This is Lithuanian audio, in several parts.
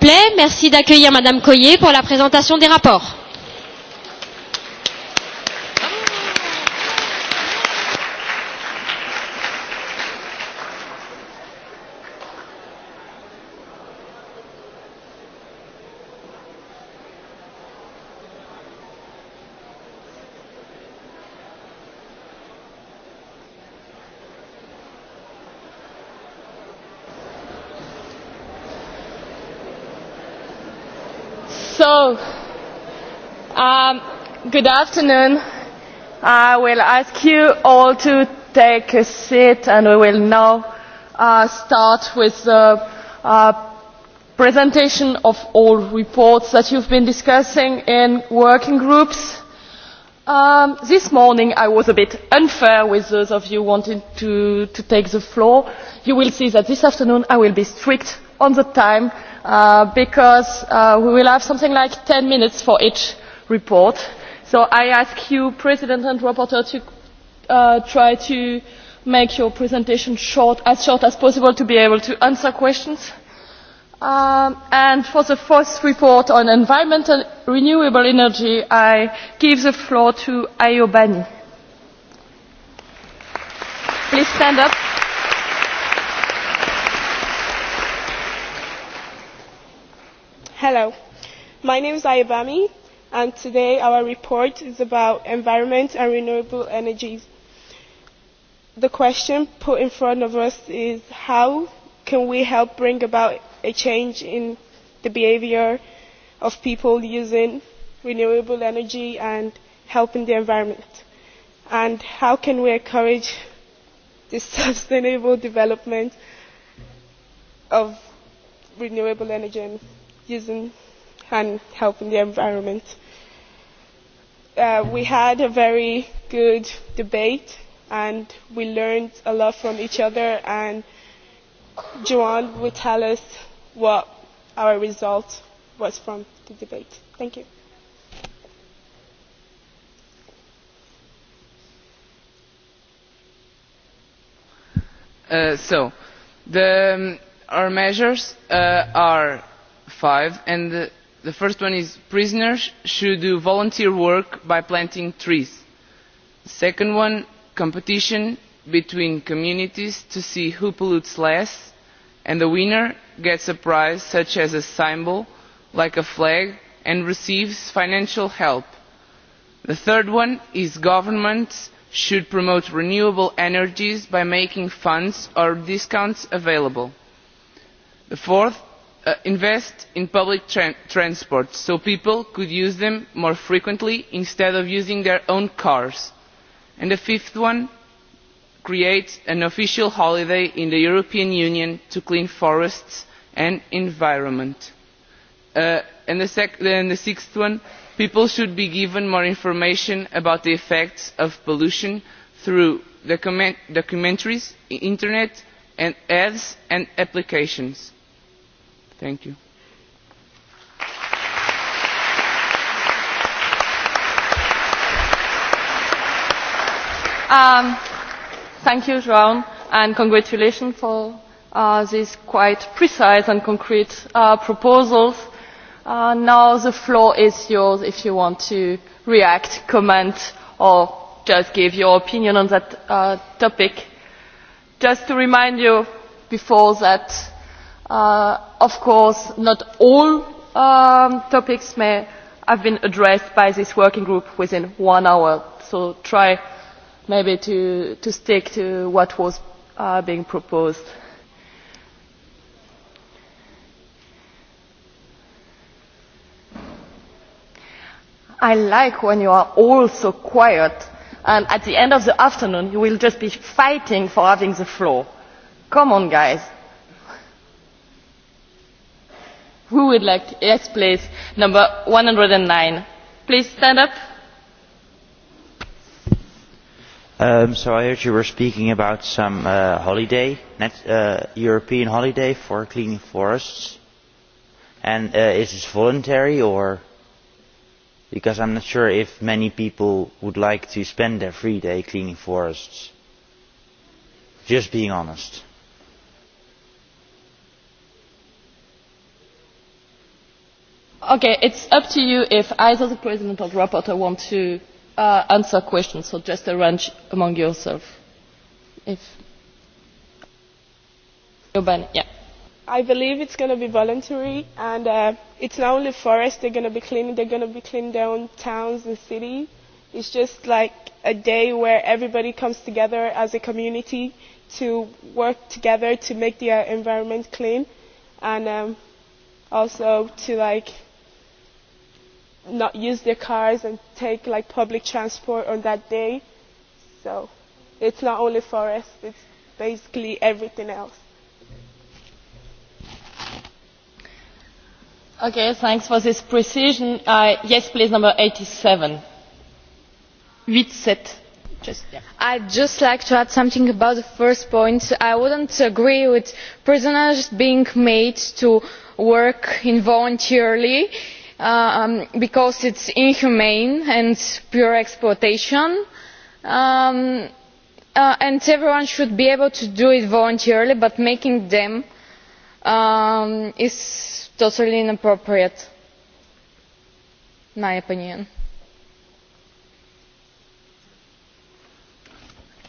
plaît, merci d'accueillir Madame Coyer pour la présentation des rapports. Good afternoon. I will ask you all to take a seat and we will now uh, start with the uh, presentation of all reports that you've been discussing in working groups. Um, this morning I was a bit unfair with those of you wanting to, to take the floor. You will see that this afternoon I will be strict on the time uh, because uh, we will have something like 10 minutes for each report so i ask you president and rapporteur to uh, try to make your presentation short, as short as possible to be able to answer questions. Um, and for the first report on environment and renewable energy i give the floor to ayo bani. please stand up. hello my name is ayo bani and today our report is about environment and renewable energies. The question put in front of us is how can we help bring about a change in the behaviour of people using renewable energy and helping the environment? And how can we encourage the sustainable development of renewable energy and using and helping the environment. Uh, we had a very good debate and we learned a lot from each other and Joanne will tell us what our result was from the debate. Thank you. Uh, so the, um, our measures uh, are five and the first one is prisoners should do volunteer work by planting trees. the second one competition between communities to see who pollutes less and the winner gets a prize such as a symbol like a flag and receives financial help. the third one is governments should promote renewable energies by making funds or discounts available. the fourth Uh, invest in public transport so people could use it more frequently instead of using their own cars. and the fifth one create an official holiday in the european union to clean forests and uh, the environment. and the sixth one people should be given more information about the effects of pollution through documentaries the internet and ads and applications. Thank you. Um, thank you, Joan, and congratulations for uh, these quite precise and concrete uh, proposals. Uh, now the floor is yours if you want to react, comment, or just give your opinion on that uh, topic. Just to remind you before that Uh, of course not all um, topics may have been addressed by this working group within one hour so try maybe to, to stick to what was uh, being proposed. I like when you are all so quiet and at the end of the afternoon you will just be fighting for having the floor. Come on guys, who would like to yes please number 109 please stand up um, so I heard you were speaking about some uh, holiday, net, uh, European holiday for cleaning forests. And uh, is this voluntary or? Because I'm not sure if many people would like to spend their free day cleaning forests. Just being honest. Okay, it's up to you if either the president or the rapporteur want to uh, answer questions, so just arrange among yourself. If Urban, yeah. I believe it's going to be voluntary, and uh, it's not only forests they're going to be cleaning, they're going to be cleaning their own towns and cities. It's just like a day where everybody comes together as a community to work together to make their uh, environment clean, and um, also to like not use their cars and take like public transport on that day. So it's not only forest, it's basically everything else. Okay, thanks for this precision. Uh, yes, please, number 87. 87. Just, yeah. i would just like to add something about the first point. i would not agree with prisoners being made to work voluntarily. Uh, um, because it is inhumane and pure exploitation um, uh, and everyone should be able to do it voluntarily but making them um, is totally inappropriate in my opinion.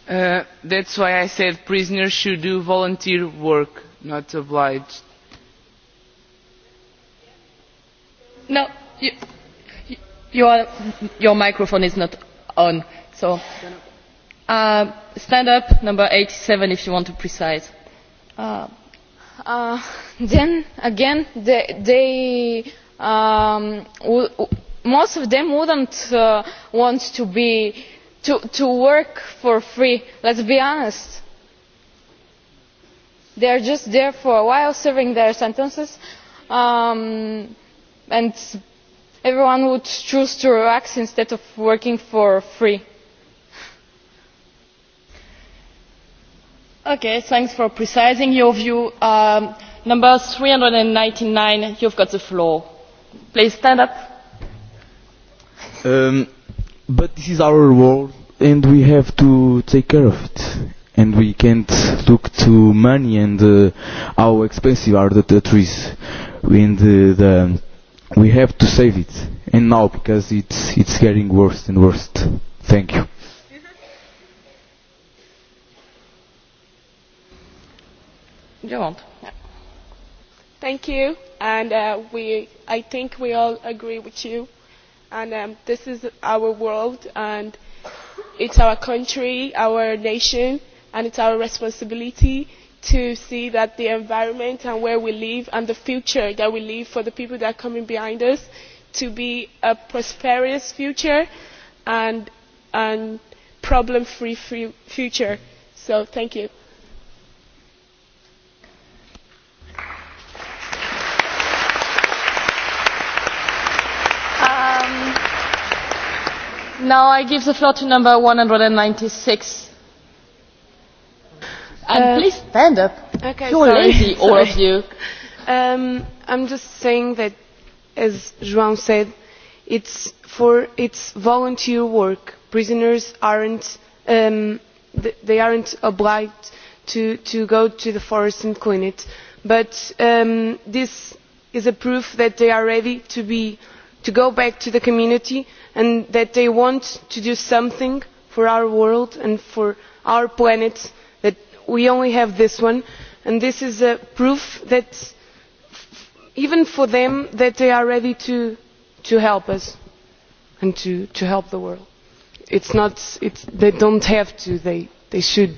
Uh, that is why i said prisoners should do volunteer work not obliged No, you, your, your microphone is not on. So, uh, stand up, number 87, if you want to precise. Uh, uh, then again, they, they um, w most of them wouldn't uh, want to be to, to work for free. Let's be honest. They are just there for a while, serving their sentences. Um, and everyone would choose to relax instead of working for free. Okay, thanks for precising your view. Um, number 399, you've got the floor. Please stand up. Um, but this is our world and we have to take care of it. And we can't look to money and uh, how expensive are the, the trees. And uh, the we have to save it and now because it's it's getting worse and worse thank you thank you and uh, we i think we all agree with you and um, this is our world and it's our country our nation and it's our responsibility to see that the environment and where we live and the future that we leave for the people that are coming behind us to be a prosperous future and a problem free future. So, thank you. Um, now I give the floor to number 196. And uh, please stand up. Okay, You're sorry, lazy, sorry. all of you. Um, I'm just saying that, as João said, it's for it's volunteer work. Prisoners aren't um, th they aren't obliged to to go to the forest and clean it, but um, this is a proof that they are ready to be to go back to the community and that they want to do something for our world and for our planet we only have this one and this is proof that even for them they are ready to help us and to help the world. It's not, it's, they don't have to, they, they should.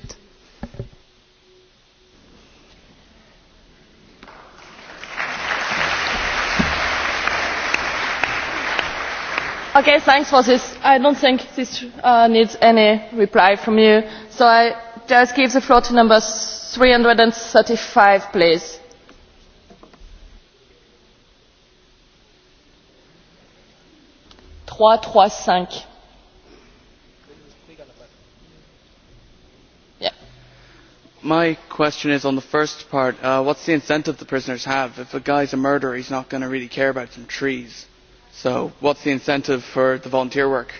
Okay, thanks for this. I don't think this uh, needs any reply from you. So I just give the floor to number 335, please. trois trois cinq. My question is on the first part. Uh, what's the incentive the prisoners have? If a guy's a murderer, he's not going to really care about some trees. So what's the incentive for the volunteer work?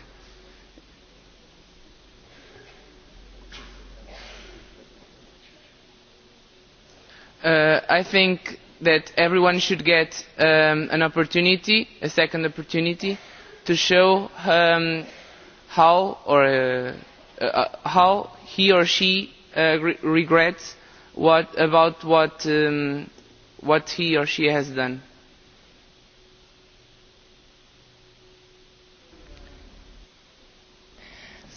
Uh, i think that everyone should get um, an opportunity a second opportunity to show um, how, or, uh, uh, how he or she uh, re regrets what, about what, um, what he or she has done.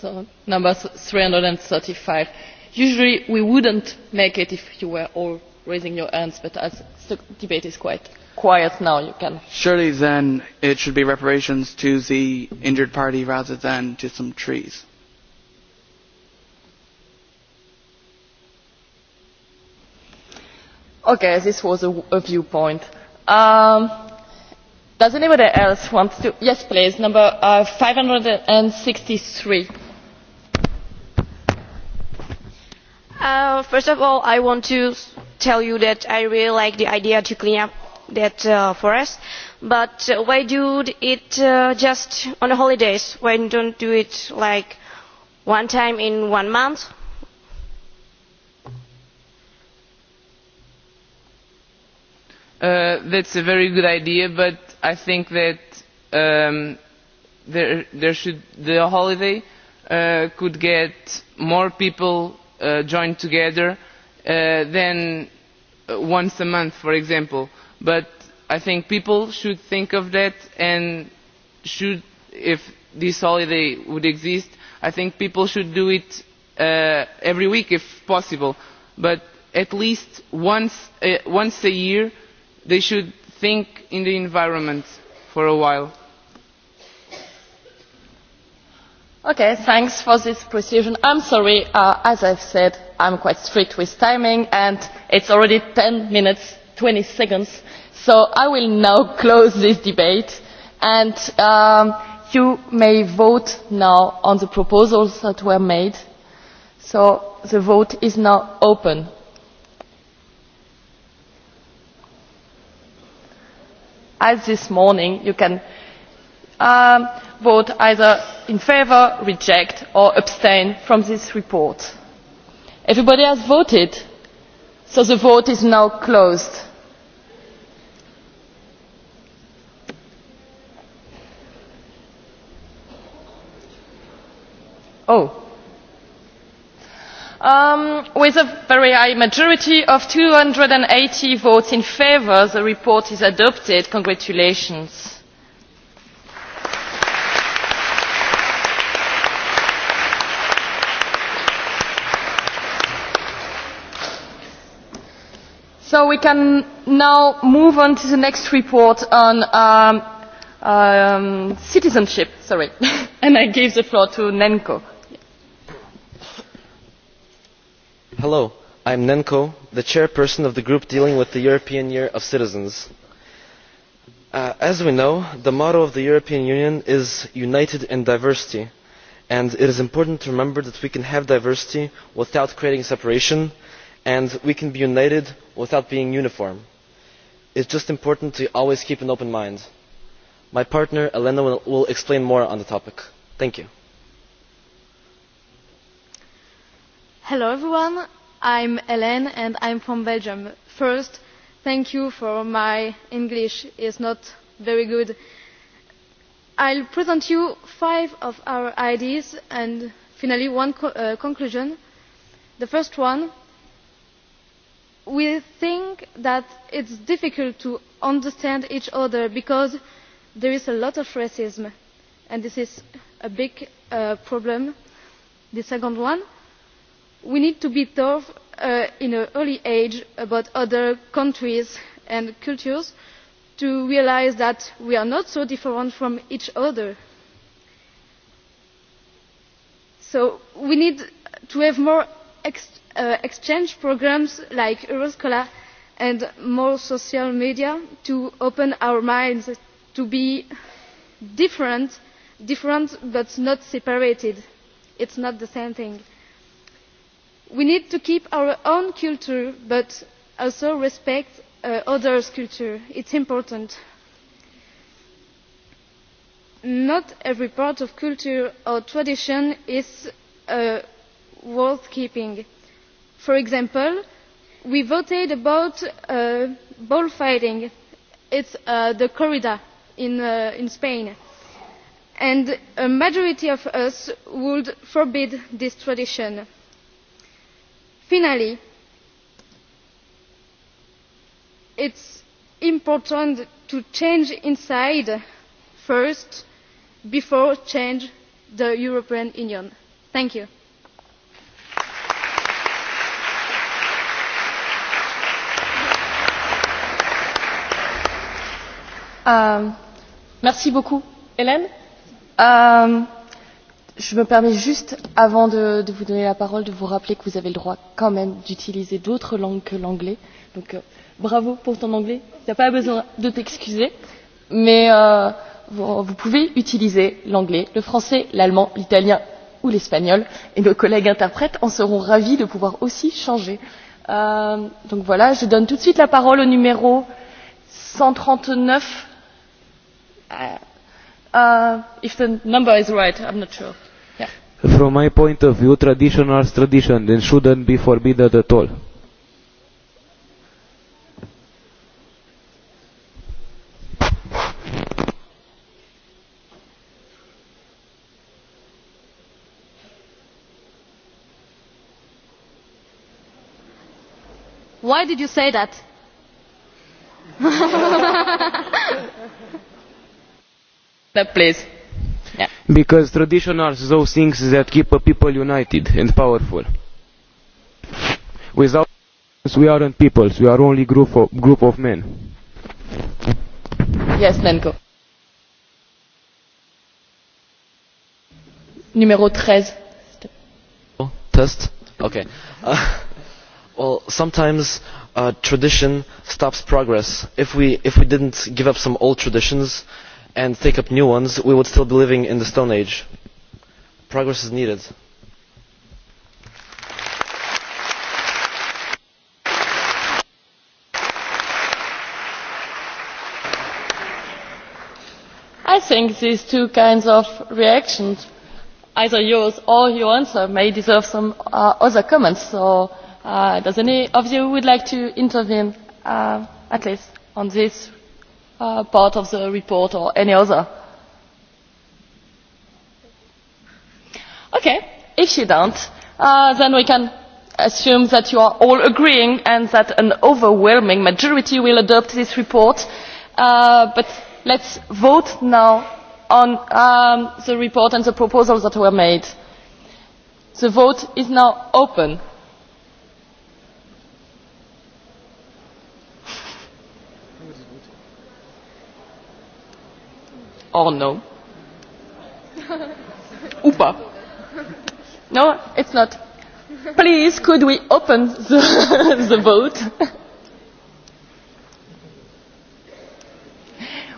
So, number three hundred and thirty five usually we would not make it if you were all raising your hands but as the debate is quite quiet now you can. surely then it should be reparations to the injured party rather than to some trees. okay this was a, a viewpoint. Um, does anybody else want to? yes please number uh, 563. Uh, first of all, I want to tell you that i really like the idea to clean up that uh, forest but uh, why do it uh, just on the holidays why don't do it like one time in one month uh, that's a very good idea but i think that um, there there should the holiday uh, could get more people uh, joined together uh, then Uh, once a month for example but i think people should think of that and should if this holiday would exist i think people should do it uh, every week if possible but at least once, uh, once a year they should think in the environment for a while. Okay, thanks for this precision. I'm sorry, uh, as I've said, I'm quite strict with timing and it's already 10 minutes 20 seconds. So I will now close this debate and um, you may vote now on the proposals that were made. So the vote is now open. As this morning, you can um, vote either in favour reject or abstain from this report. everybody has voted so the vote is now closed. Oh. Um, with a very high majority of two hundred and eighty votes in favour the report is adopted. congratulations. So we can now move on to the next report on um, um, citizenship. Sorry. and I give the floor to Nenko. Hello, I'm Nenko, the chairperson of the group dealing with the European Year of Citizens. Uh, as we know, the motto of the European Union is united in diversity. And it is important to remember that we can have diversity without creating separation and we can be united without being uniform. it is just important to always keep an open mind. my partner elena will explain more on the topic. thank you. hello everyone. i'm elena and i'm from belgium. first thank you for my english is not very good. i'll present you five of our ideas and finally one co- uh, conclusion. the first one we think that it is difficult to understand each other because there is a lot of racism and this is a big uh, problem. the second one we need to be tough uh, at an early age about other countries and cultures to realise that we are not so different from each other. so we need to have more ex uh, exchange programmes like euroscholar and more social media to open our minds to be different different but not separated. it is not the same thing. we need to keep our own culture but also respect uh, others' culture. it is important. not every part of culture or tradition is uh, worth keeping for example we voted about uh, bullfighting it is uh, the corrida in, uh, in spain and a majority of us would forbid this tradition. finally it is important to change inside first before changing the european union. thank you. Euh, merci beaucoup, Hélène. Euh, je me permets juste, avant de, de vous donner la parole, de vous rappeler que vous avez le droit quand même d'utiliser d'autres langues que l'anglais. Donc, euh, bravo pour ton anglais. Tu n'as pas besoin de t'excuser. Mais euh, vous, vous pouvez utiliser l'anglais, le français, l'allemand, l'italien ou l'espagnol. Et nos collègues interprètes en seront ravis de pouvoir aussi changer. Euh, donc voilà, je donne tout de suite la parole au numéro 139 Uh, uh, if the number is right, I'm not sure. Yeah. From my point of view, tradition is tradition and shouldn't be forbidden at all. Why did you say that? please. Yeah. Because tradition are those things that keep people united and powerful. Without we aren't peoples, we are only group of, group of men. Yes, Lenko. Numéro 13. Oh, test? Okay. Uh, well, sometimes uh, tradition stops progress. If we, if we didn't give up some old traditions, uh, and take up new ones, we would still be living in the Stone Age. Progress is needed. I think these two kinds of reactions, either yours or your answer, may deserve some uh, other comments. So, uh, does any of you would like to intervene, uh, at least on this uh, part of the report or any other? Okay, if you don't, uh, then we can assume that you are all agreeing and that an overwhelming majority will adopt this report. Uh, but let's vote now on um, the report and the proposals that were made. The vote is now open. Oh, no? Upa. No, it's not. Please, could we open the, the vote?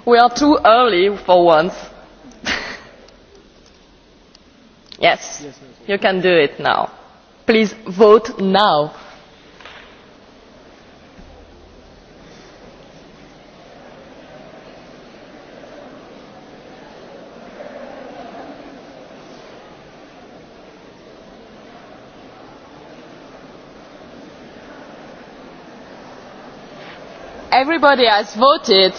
we are too early for once. yes, you can do it now. Please vote now. everybody has voted.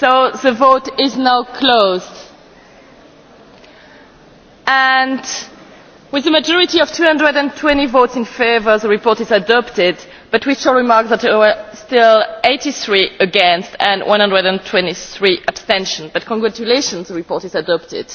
So the vote is now closed. And with a majority of two hundred and twenty votes in favour the report is adopted but we shall remark that there were still eighty three against and one hundred and twenty three abstentions but congratulations the report is adopted.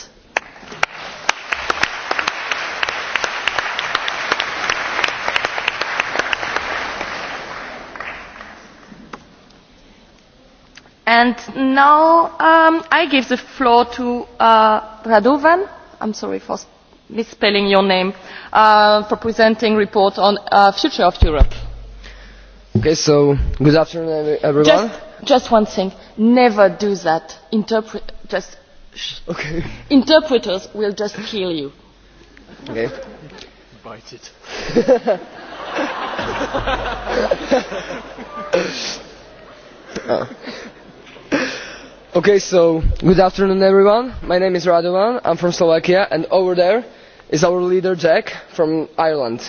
And now um, I give the floor to uh, Radovan. I'm sorry for misspelling your name uh, for presenting report on uh, future of Europe. Okay, so good afternoon, everyone. Just, just one thing. Never do that. Interpret. Just. Shh. Okay. Interpreters will just kill you. Okay. Bite it. uh. Okay, so good afternoon everyone. My name is Radovan, I'm from Slovakia, and over there is our leader Jack from Ireland.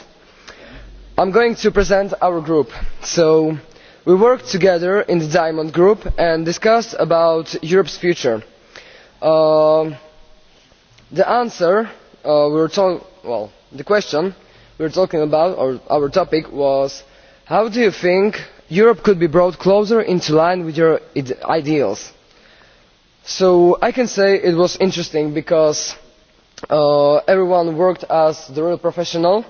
I'm going to present our group. So we worked together in the Diamond Group and discussed about Europe's future. Uh, the answer uh, we were talking, well, the question we were talking about, or our topic was how do you think Europe could be brought closer into line with your ideals? so i can say it was interesting because uh, everyone worked as the real professional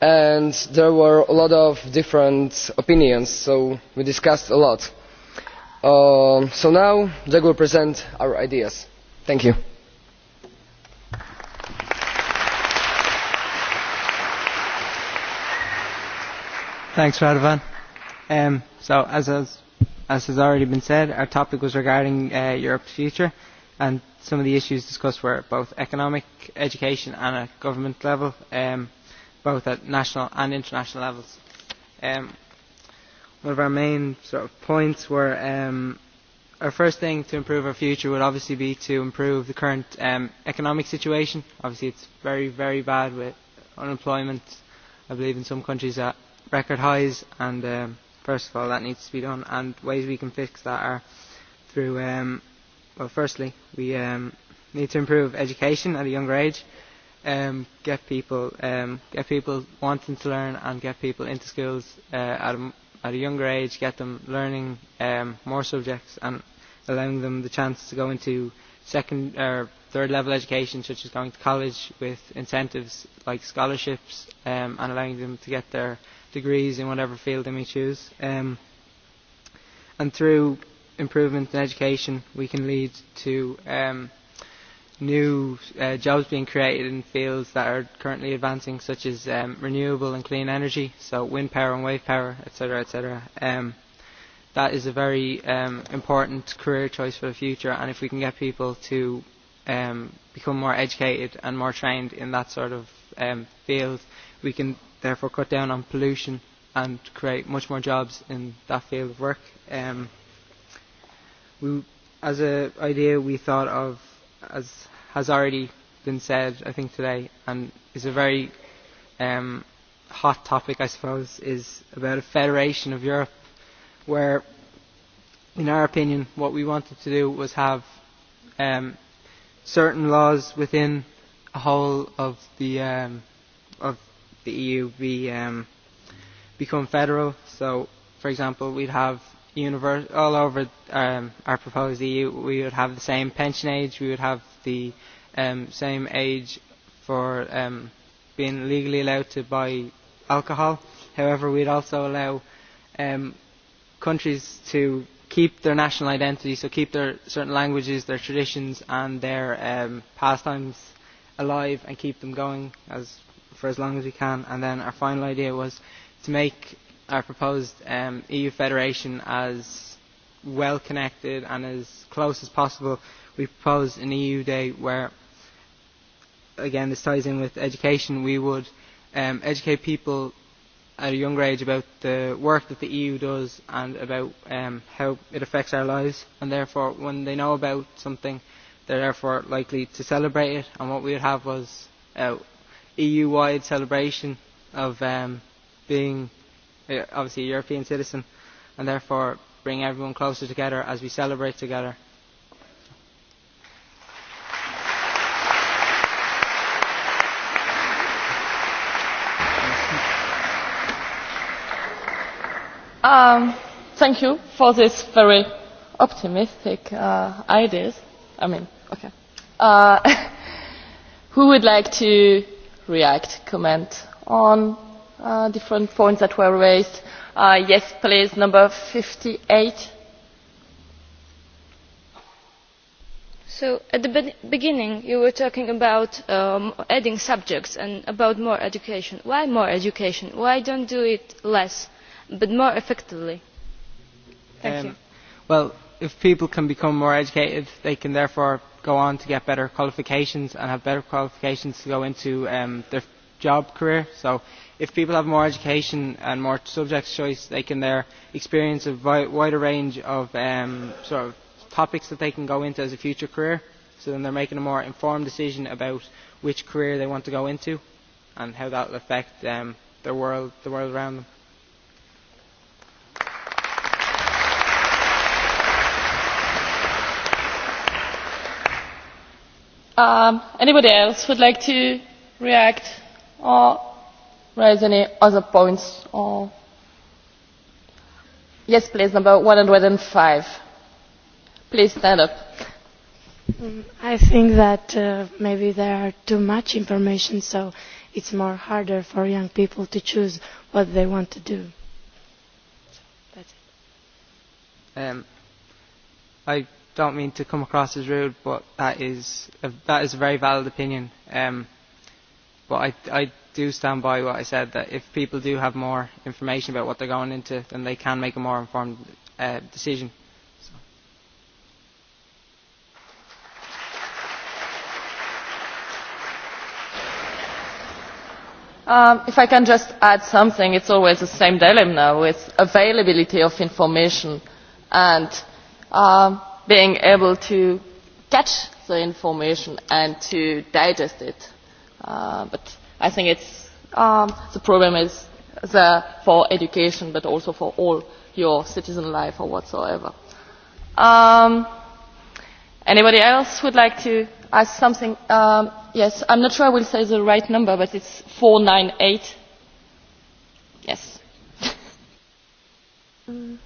and there were a lot of different opinions so we discussed a lot. Uh, so now Jack will present our ideas. Thank you. Thanks, Radovan. Um, so, as, as as has already been said, our topic was regarding uh, Europe's future, and some of the issues discussed were both economic, education, and at government level, um, both at national and international levels. Um, one of our main sort of points were um, our first thing to improve our future would obviously be to improve the current um, economic situation. Obviously, it's very, very bad with unemployment, I believe, in some countries at record highs, and um, first of all that needs to be done and ways we can fix that are through um, well firstly we um, need to improve education at a younger age um, get people um, get people wanting to learn and get people into schools uh, at, a, at a younger age get them learning um, more subjects and allowing them the chance to go into second or third level education such as going to college with incentives like scholarships um, and allowing them to get their degrees in whatever field they may choose. Um, and through improvement in education, we can lead to um, new uh, jobs being created in fields that are currently advancing, such as um, renewable and clean energy, so wind power and wave power, etc., etc. Um, that is a very um, important career choice for the future, and if we can get people to um, become more educated and more trained in that sort of um, field, we can therefore cut down on pollution and create much more jobs in that field of work. Um, we, as an idea we thought of, as has already been said, I think today, and is a very um, hot topic, I suppose, is about a federation of Europe, where, in our opinion, what we wanted to do was have um, certain laws within a whole of the um, of the EU be um, become federal. So, for example, we'd have universe all over um, our proposed EU. We would have the same pension age. We would have the um, same age for um, being legally allowed to buy alcohol. However, we'd also allow um, countries to keep their national identity, so keep their certain languages, their traditions, and their um, pastimes alive and keep them going as for as long as we can. And then our final idea was to make our proposed um, EU federation as well connected and as close as possible. We proposed an EU day where, again, this ties in with education. We would um, educate people at a younger age about the work that the EU does and about um, how it affects our lives. And therefore, when they know about something, they're therefore likely to celebrate it. And what we would have was uh, EU wide celebration of um, being uh, obviously a European citizen and therefore bring everyone closer together as we celebrate together. Um, thank you for this very optimistic uh, ideas. I mean, okay. Uh, who would like to react, comment on uh, different points that were raised. Uh, yes, please, number 58. So at the be beginning you were talking about um, adding subjects and about more education. Why more education? Why don't do it less but more effectively? Thank um, you. Well, if people can become more educated, they can therefore go on to get better qualifications and have better qualifications to go into um, their job career. So if people have more education and more subject choice, they can there experience a wider range of um, sort of topics that they can go into as a future career. So then they're making a more informed decision about which career they want to go into and how that will affect um, their world, the world around them. Um, anybody else would like to react or raise any other points? Or yes, please, number 105. Please stand up. Mm, I think that uh, maybe there are too much information, so it's more harder for young people to choose what they want to do. So that's it. Um, I don't mean to come across as rude, but that is a, that is a very valid opinion. Um, but I, I do stand by what I said that if people do have more information about what they're going into, then they can make a more informed uh, decision. So. Um, if I can just add something, it's always the same dilemma with availability of information and um, being able to catch the information and to digest it. Uh, but I think it's, um, the problem is there for education, but also for all your citizen life or whatsoever. Um, anybody else would like to ask something? Um, yes, I'm not sure I will say the right number, but it's 498. Yes. mm.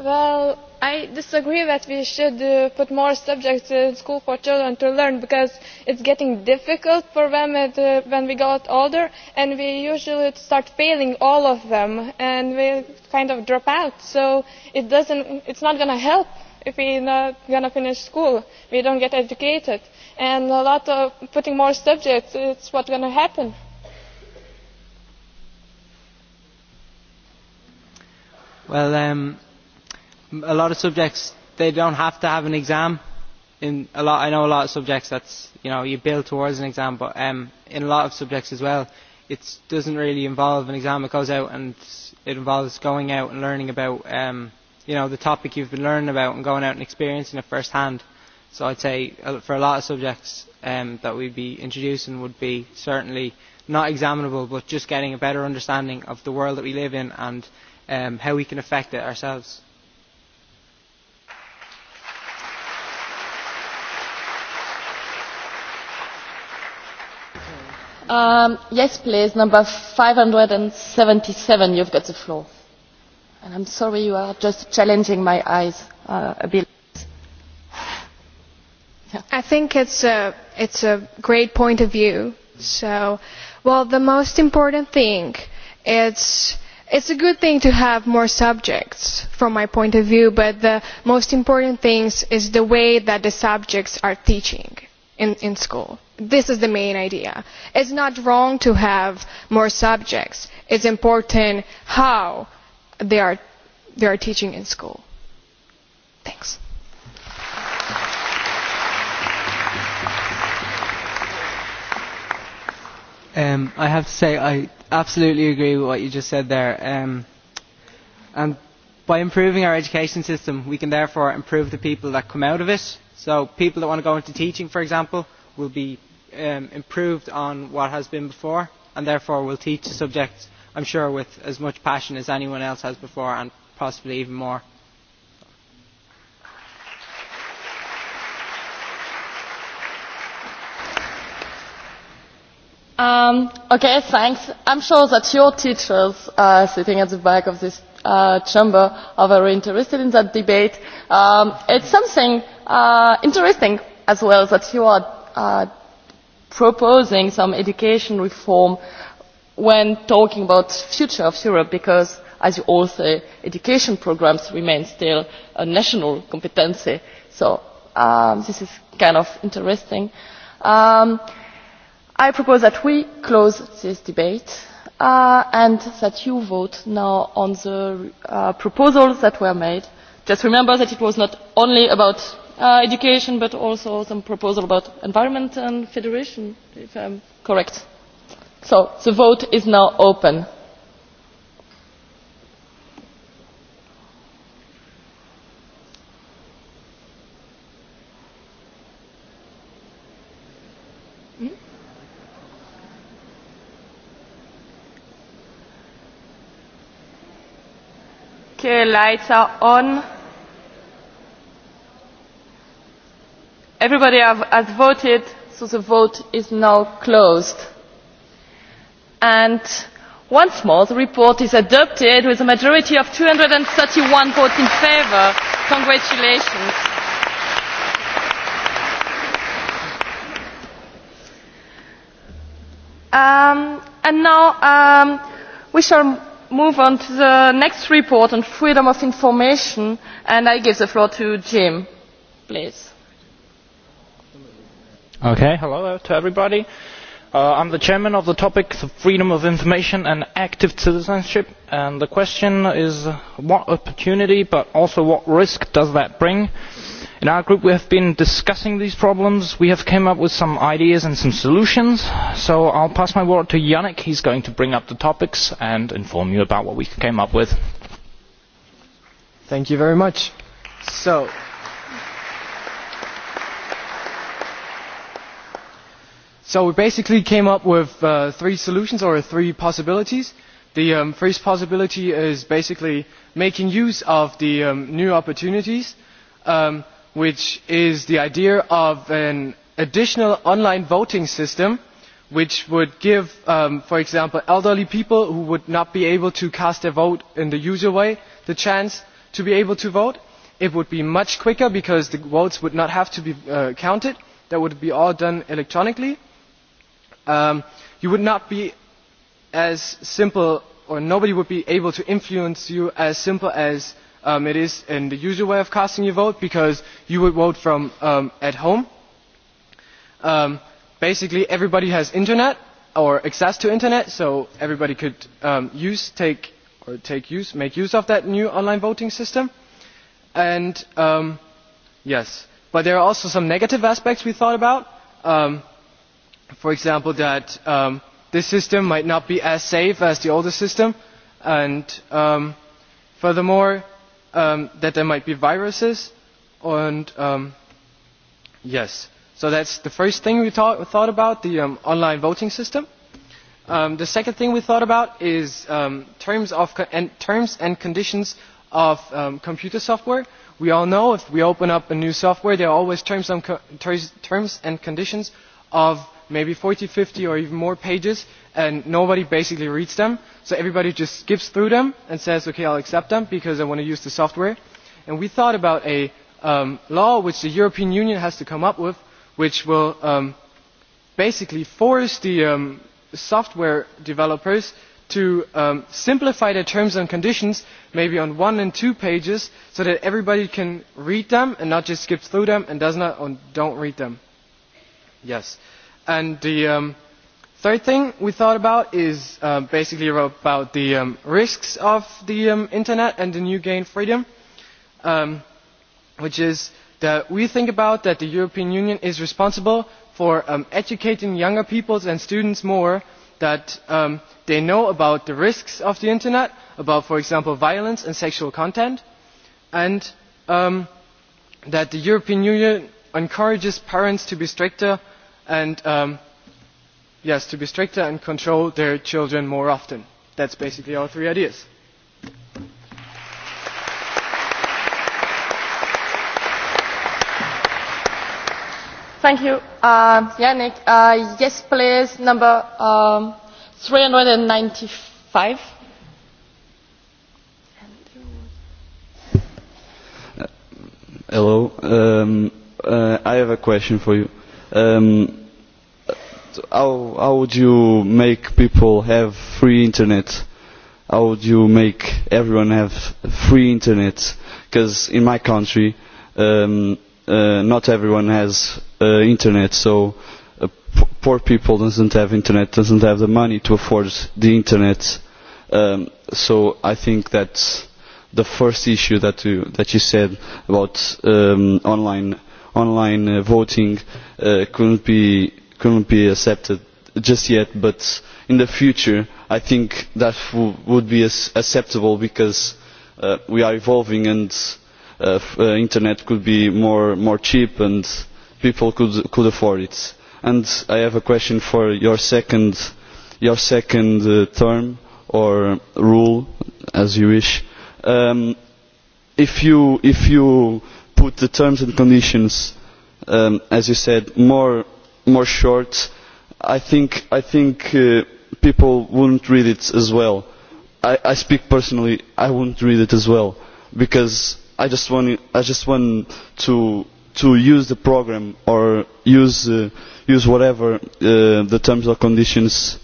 Well, I disagree that we should uh, put more subjects in school for children to learn because it's getting difficult for them at, uh, when we got older and we usually start failing all of them and we kind of drop out. So it doesn't, it's not going to help if we're not going to finish school. We don't get educated. And a lot of putting more subjects, it's what's going to happen. Well, um, a lot of subjects they don't have to have an exam. In a lot, I know a lot of subjects that's you know you build towards an exam, but um, in a lot of subjects as well, it doesn't really involve an exam. It goes out and it involves going out and learning about um, you know the topic you've been learning about and going out and experiencing it firsthand. So I'd say uh, for a lot of subjects um, that we'd be introducing would be certainly not examinable, but just getting a better understanding of the world that we live in and um, how we can affect it ourselves. Um, yes, please, number 577, you've got the floor. And I'm sorry, you are just challenging my eyes uh, a bit. Yeah. I think it's a, it's a great point of view. So, well, the most important thing, it's it's a good thing to have more subjects from my point of view but the most important thing is the way that the subjects are teaching in, in school this is the main idea. it is not wrong to have more subjects it is important how they are, they are teaching in school. Thanks. Um, I have to say I absolutely agree with what you just said there. Um, and by improving our education system, we can therefore improve the people that come out of it. So people that want to go into teaching, for example, will be um, improved on what has been before and therefore will teach the subject, I'm sure, with as much passion as anyone else has before and possibly even more. Um, okay, thanks. I'm sure that your teachers uh, sitting at the back of this uh, chamber are very interested in that debate. Um, it's something uh, interesting as well that you are uh, proposing some education reform when talking about the future of europe because as you all say education programmes remain still a national competence so um, this is kind of interesting. Um, i propose that we close this debate uh, and that you vote now on the uh, proposals that were made. just remember that it was not only about uh, education but also some proposal about environment and federation if i am correct. so the vote is now open. Hmm? Okay, lights are on. everybody has voted so the vote is now closed and once more the report is adopted with a majority of two hundred and thirty one votes in favour. congratulations. Um, and now um, we shall move on to the next report on freedom of information and i give the floor to jim please. Okay, hello to everybody. Uh, I'm the chairman of the topic of freedom of information and active citizenship. And the question is what opportunity but also what risk does that bring? In our group we have been discussing these problems. We have come up with some ideas and some solutions. So I'll pass my word to Yannick. He's going to bring up the topics and inform you about what we came up with. Thank you very much. So So we basically came up with uh, three solutions or three possibilities. The um, first possibility is basically making use of the um, new opportunities, um, which is the idea of an additional online voting system which would give, um, for example, elderly people who would not be able to cast their vote in the usual way the chance to be able to vote. It would be much quicker because the votes would not have to be uh, counted. That would be all done electronically um, you would not be as simple or nobody would be able to influence you as simple as um, it is in the usual way of casting your vote because you would vote from um, at home. Um, basically everybody has internet or access to internet so everybody could um, use, take, or take use, make use of that new online voting system. And um, yes, but there are also some negative aspects we thought about. Um, for example, that um, this system might not be as safe as the older system, and um, furthermore, um, that there might be viruses, and um, yes. So that's the first thing we thought, thought about, the um, online voting system. Um, the second thing we thought about is um, terms, of co and, terms and conditions of um, computer software. We all know if we open up a new software, there are always terms, on co terms and conditions of maybe 40, 50 or even more pages and nobody basically reads them. So everybody just skips through them and says, okay, I'll accept them because I want to use the software. And we thought about a um, law which the European Union has to come up with which will um, basically force the um, software developers to um, simplify their terms and conditions maybe on one and two pages so that everybody can read them and not just skip through them and does not or don't read them. Yes. Uh, And the um, third thing we thought about is uh, basically about the um, risks of the um, internet and the new gain freedom, um, which is that we think about that the European Union is responsible for um, educating younger people and students more that um, they know about the risks of the internet, about, for example, violence and sexual content, and um, that the European Union encourages parents to be stricter and um, yes, to be stricter and control their children more often. That's basically our three ideas. Thank you, uh, Yannick. Uh, yes, please, number um, 395. Uh, hello. Um, uh, I have a question for you. Um, how, how would you make people have free internet? How would you make everyone have free internet? Because in my country, um, uh, not everyone has uh, internet, so uh, p- poor people doesn't have internet, doesn't have the money to afford the internet. Um, so I think that's the first issue that you, that you said about um, online online uh, voting uh, couldn't be cannot be accepted just yet but in the future i think that would be acceptable because uh, we are evolving and uh, uh, internet could be more more cheap and people could could afford it and i have a question for your second your second uh, term or rule as you wish um, if you if you put the terms and conditions um, as you said more more short, I think, I think uh, people wouldn't read it as well. I, I speak personally, I wouldn't read it as well because I just want, I just want to, to use the program or use, uh, use whatever uh, the terms or conditions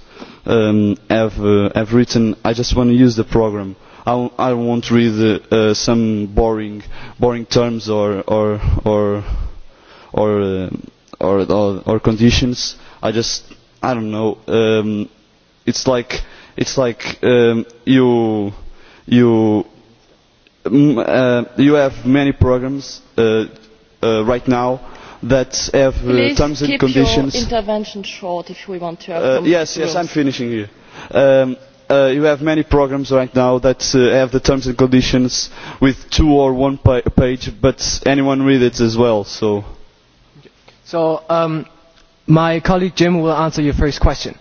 um, have, uh, have written. I just want to use the program. I, I won't read uh, uh, some boring, boring terms or, or, or, or uh, or, or, or conditions. I just, I don't know. Um, it's like, it's like um, you, you, um, uh, you have many programs uh, uh, right now that have uh, Please terms and keep conditions. Your intervention short if we want to have uh, yes, yes, I'm finishing here. Um, uh, you have many programs right now that uh, have the terms and conditions with two or one pa page, but anyone read it as well. So So um, my colleague Jim will answer your first question.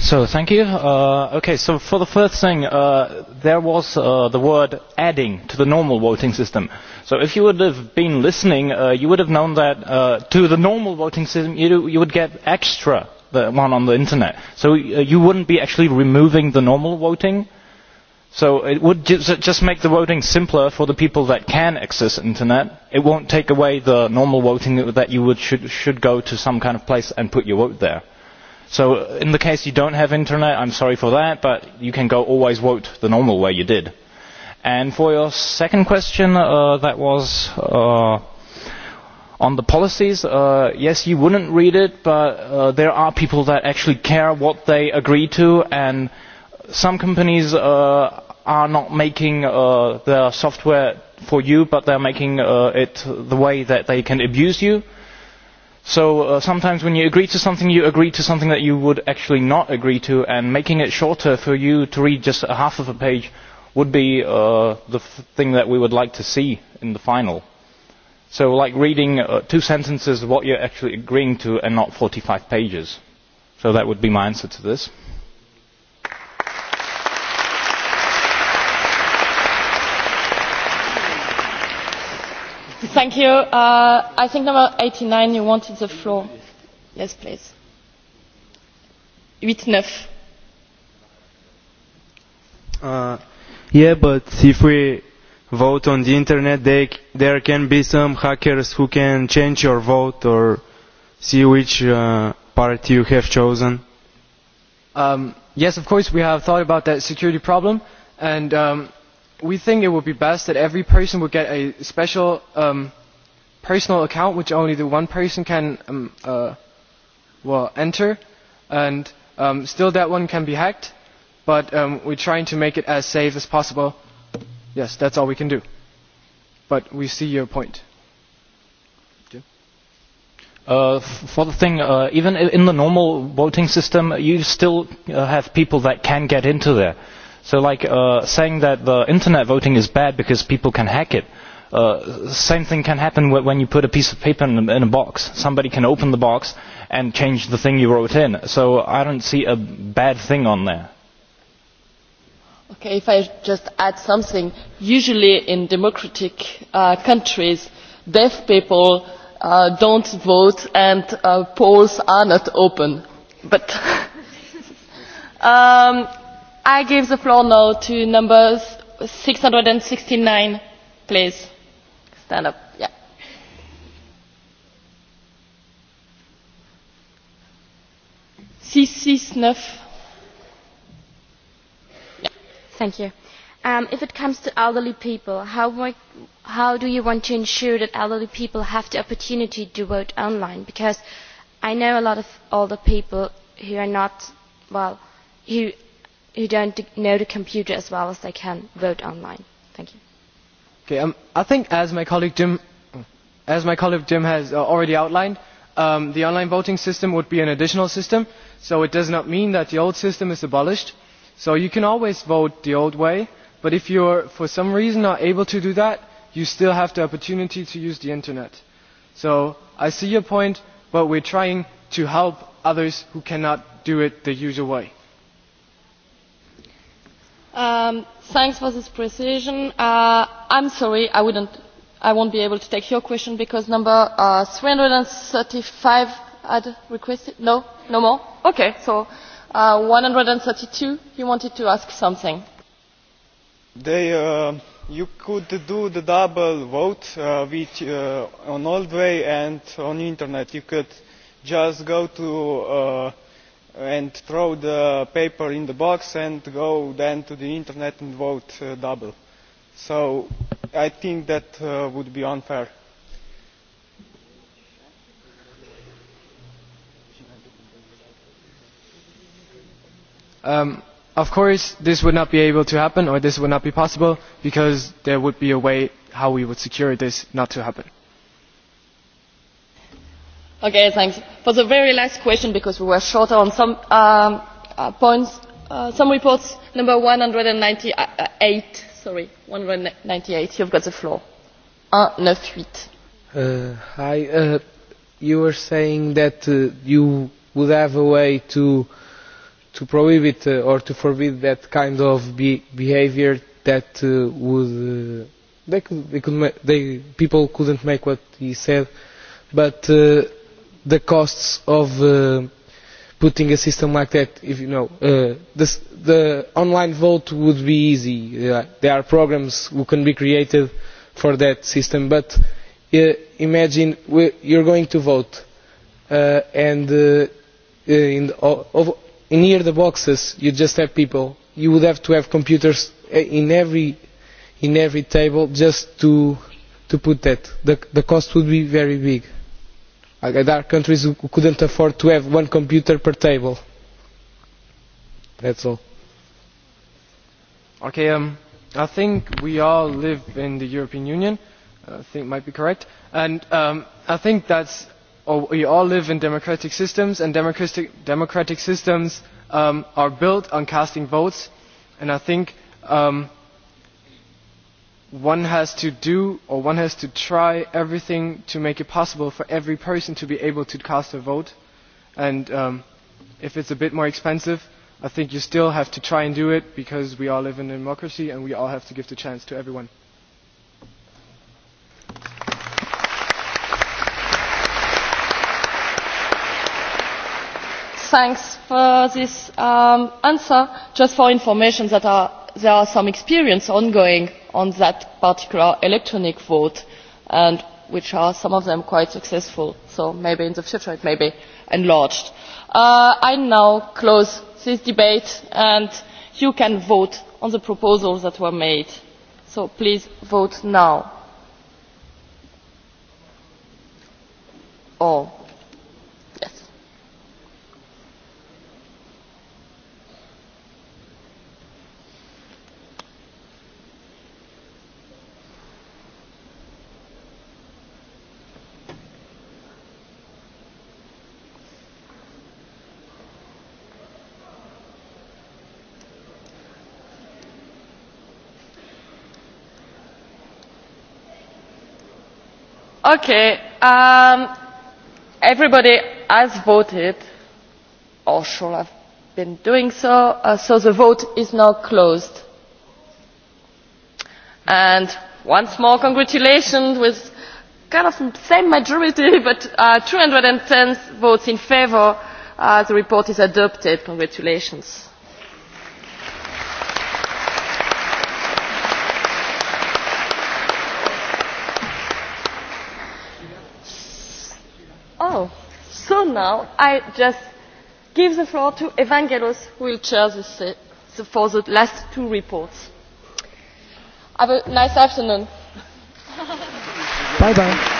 So thank you. Uh, okay, so for the first thing, uh, there was uh, the word adding to the normal voting system. So if you would have been listening, uh, you would have known that uh, to the normal voting system, you, you would get extra, the one on the internet. So uh, you wouldn't be actually removing the normal voting. Uh, so it would just make the voting simpler for the people that can access the internet. it won't take away the normal voting that you would, should, should go to some kind of place and put your vote there. so uh, in the case you don't have internet, i'm sorry for that, but you can go always vote the normal way you did. and for your second question, uh, that was uh, on the policies, uh, yes, you wouldn't read it, but uh, there are people that actually care what they agree to and some companies uh, are not making uh, their software for you but they are making uh, it the way that they can abuse you. So sometimes when you agree to something you agree to something that you would actually not agree to and making it shorter for you to read just a half of a page would be the thing that we would like to see in the final. So like reading two sentences of what you're actually agreeing to and not 45 pages. So that would be my answer to this. Thank you. Uh, I think number 89, you wanted the floor. Yes, please. 8-9. Uh, yeah, but if we vote on the internet, they, there can be some hackers who can change your vote or see which uh, party you have chosen. Um, yes, of course, we have thought about that security problem. And um, we think it would be best that every person would get a special um, personal account which only the one person can um, uh, well enter and um, still that one can be hacked but um, we're trying to make it as safe as possible yes that's all we can do but we see your point uh, for the thing, uh, even in the normal voting system, you still uh, have people that can get into there So like uh, saying that the internet voting is bad because people can hack it. Uh, same thing can happen when you put a piece of paper in a, in a box. Somebody can open the box and change the thing you wrote in. So I don't see a bad thing on there. Okay, if I just add something. Usually in democratic uh, countries, deaf people uh, don't vote and uh, polls are not open. But um, I give the floor now to number 669, please. Stand up. Yeah. Six, six, nine. Yeah. Thank you. Um, if it comes to elderly people, how, how do you want to ensure that elderly people have the opportunity to vote online? Because I know a lot of older people who are not, well, who who don't know the computer as well as they can vote online. Thank you. Okay, um, I think as my colleague Jim, as my colleague Jim has uh, already outlined, um, the online voting system would be an additional system, so it does not mean that the old system is abolished. So you can always vote the old way, but if you're for some reason not able to do that, you still have the opportunity to use the internet. So I see your point, but we're trying to help others who cannot do it the usual way. Um, thanks for this precision. Uh, I'm sorry, I, wouldn't, I won't be able to take your question because number uh, 335 had requested. No, no more. Okay, so uh, 132, you wanted to ask something. They, uh, you could do the double vote, uh, which uh, on old way and on internet. You could just go to. Uh, and throw the paper in the box and go then to the internet and vote uh, double. So I think that uh, would be unfair. Um, of course, this would not be able to happen, or this would not be possible, because there would be a way how we would secure this not to happen. Okay, thanks. For the very last question, because we were shorter on some um, uh, points, uh, some reports, number 198, sorry, 198, you've got the floor. 198. Uh, hi, uh, you were saying that uh, you would have a way to to prohibit uh, or to forbid that kind of be behavior that uh, would uh, they could, they could ma they people couldn't make what he said, but. Uh, the costs of uh, putting a system like that if you know uh, this, the online vote would be easy uh, there are programs who can be created for that system but uh, imagine we, you're going to vote uh, and uh, uh in the, of, near the boxes you just have people you would have to have computers uh, in every in every table just to to put that the, the cost would be very big there are countries who couldn't afford to have one computer per table. That's all. Okay, um, I think we all live in the European Union. I think might be correct, and um, I think that's or we all live in democratic systems, and democratic democratic systems um, are built on casting votes, and I think. Um, one has to do or one has to try everything to make it possible for every person to be able to cast a vote. And um, if it's a bit more expensive, I think you still have to try and do it because we all live in a democracy and we all have to give the chance to everyone. Thanks for this um, answer. Just for information that are, there are some experience ongoing on that particular electronic vote and which are some of them quite successful so maybe in the future it may be enlarged. Uh, i now close this debate and you can vote on the proposals that were made so please vote now or Okay. Um, everybody has voted or should have been doing so uh, so the vote is now closed and once more congratulations with kind of the same majority but uh, 210 votes in favour uh, the report is adopted congratulations so now i just give the floor to evangelos who will chair this, uh, the, for the last two reports. have a nice afternoon. bye bye.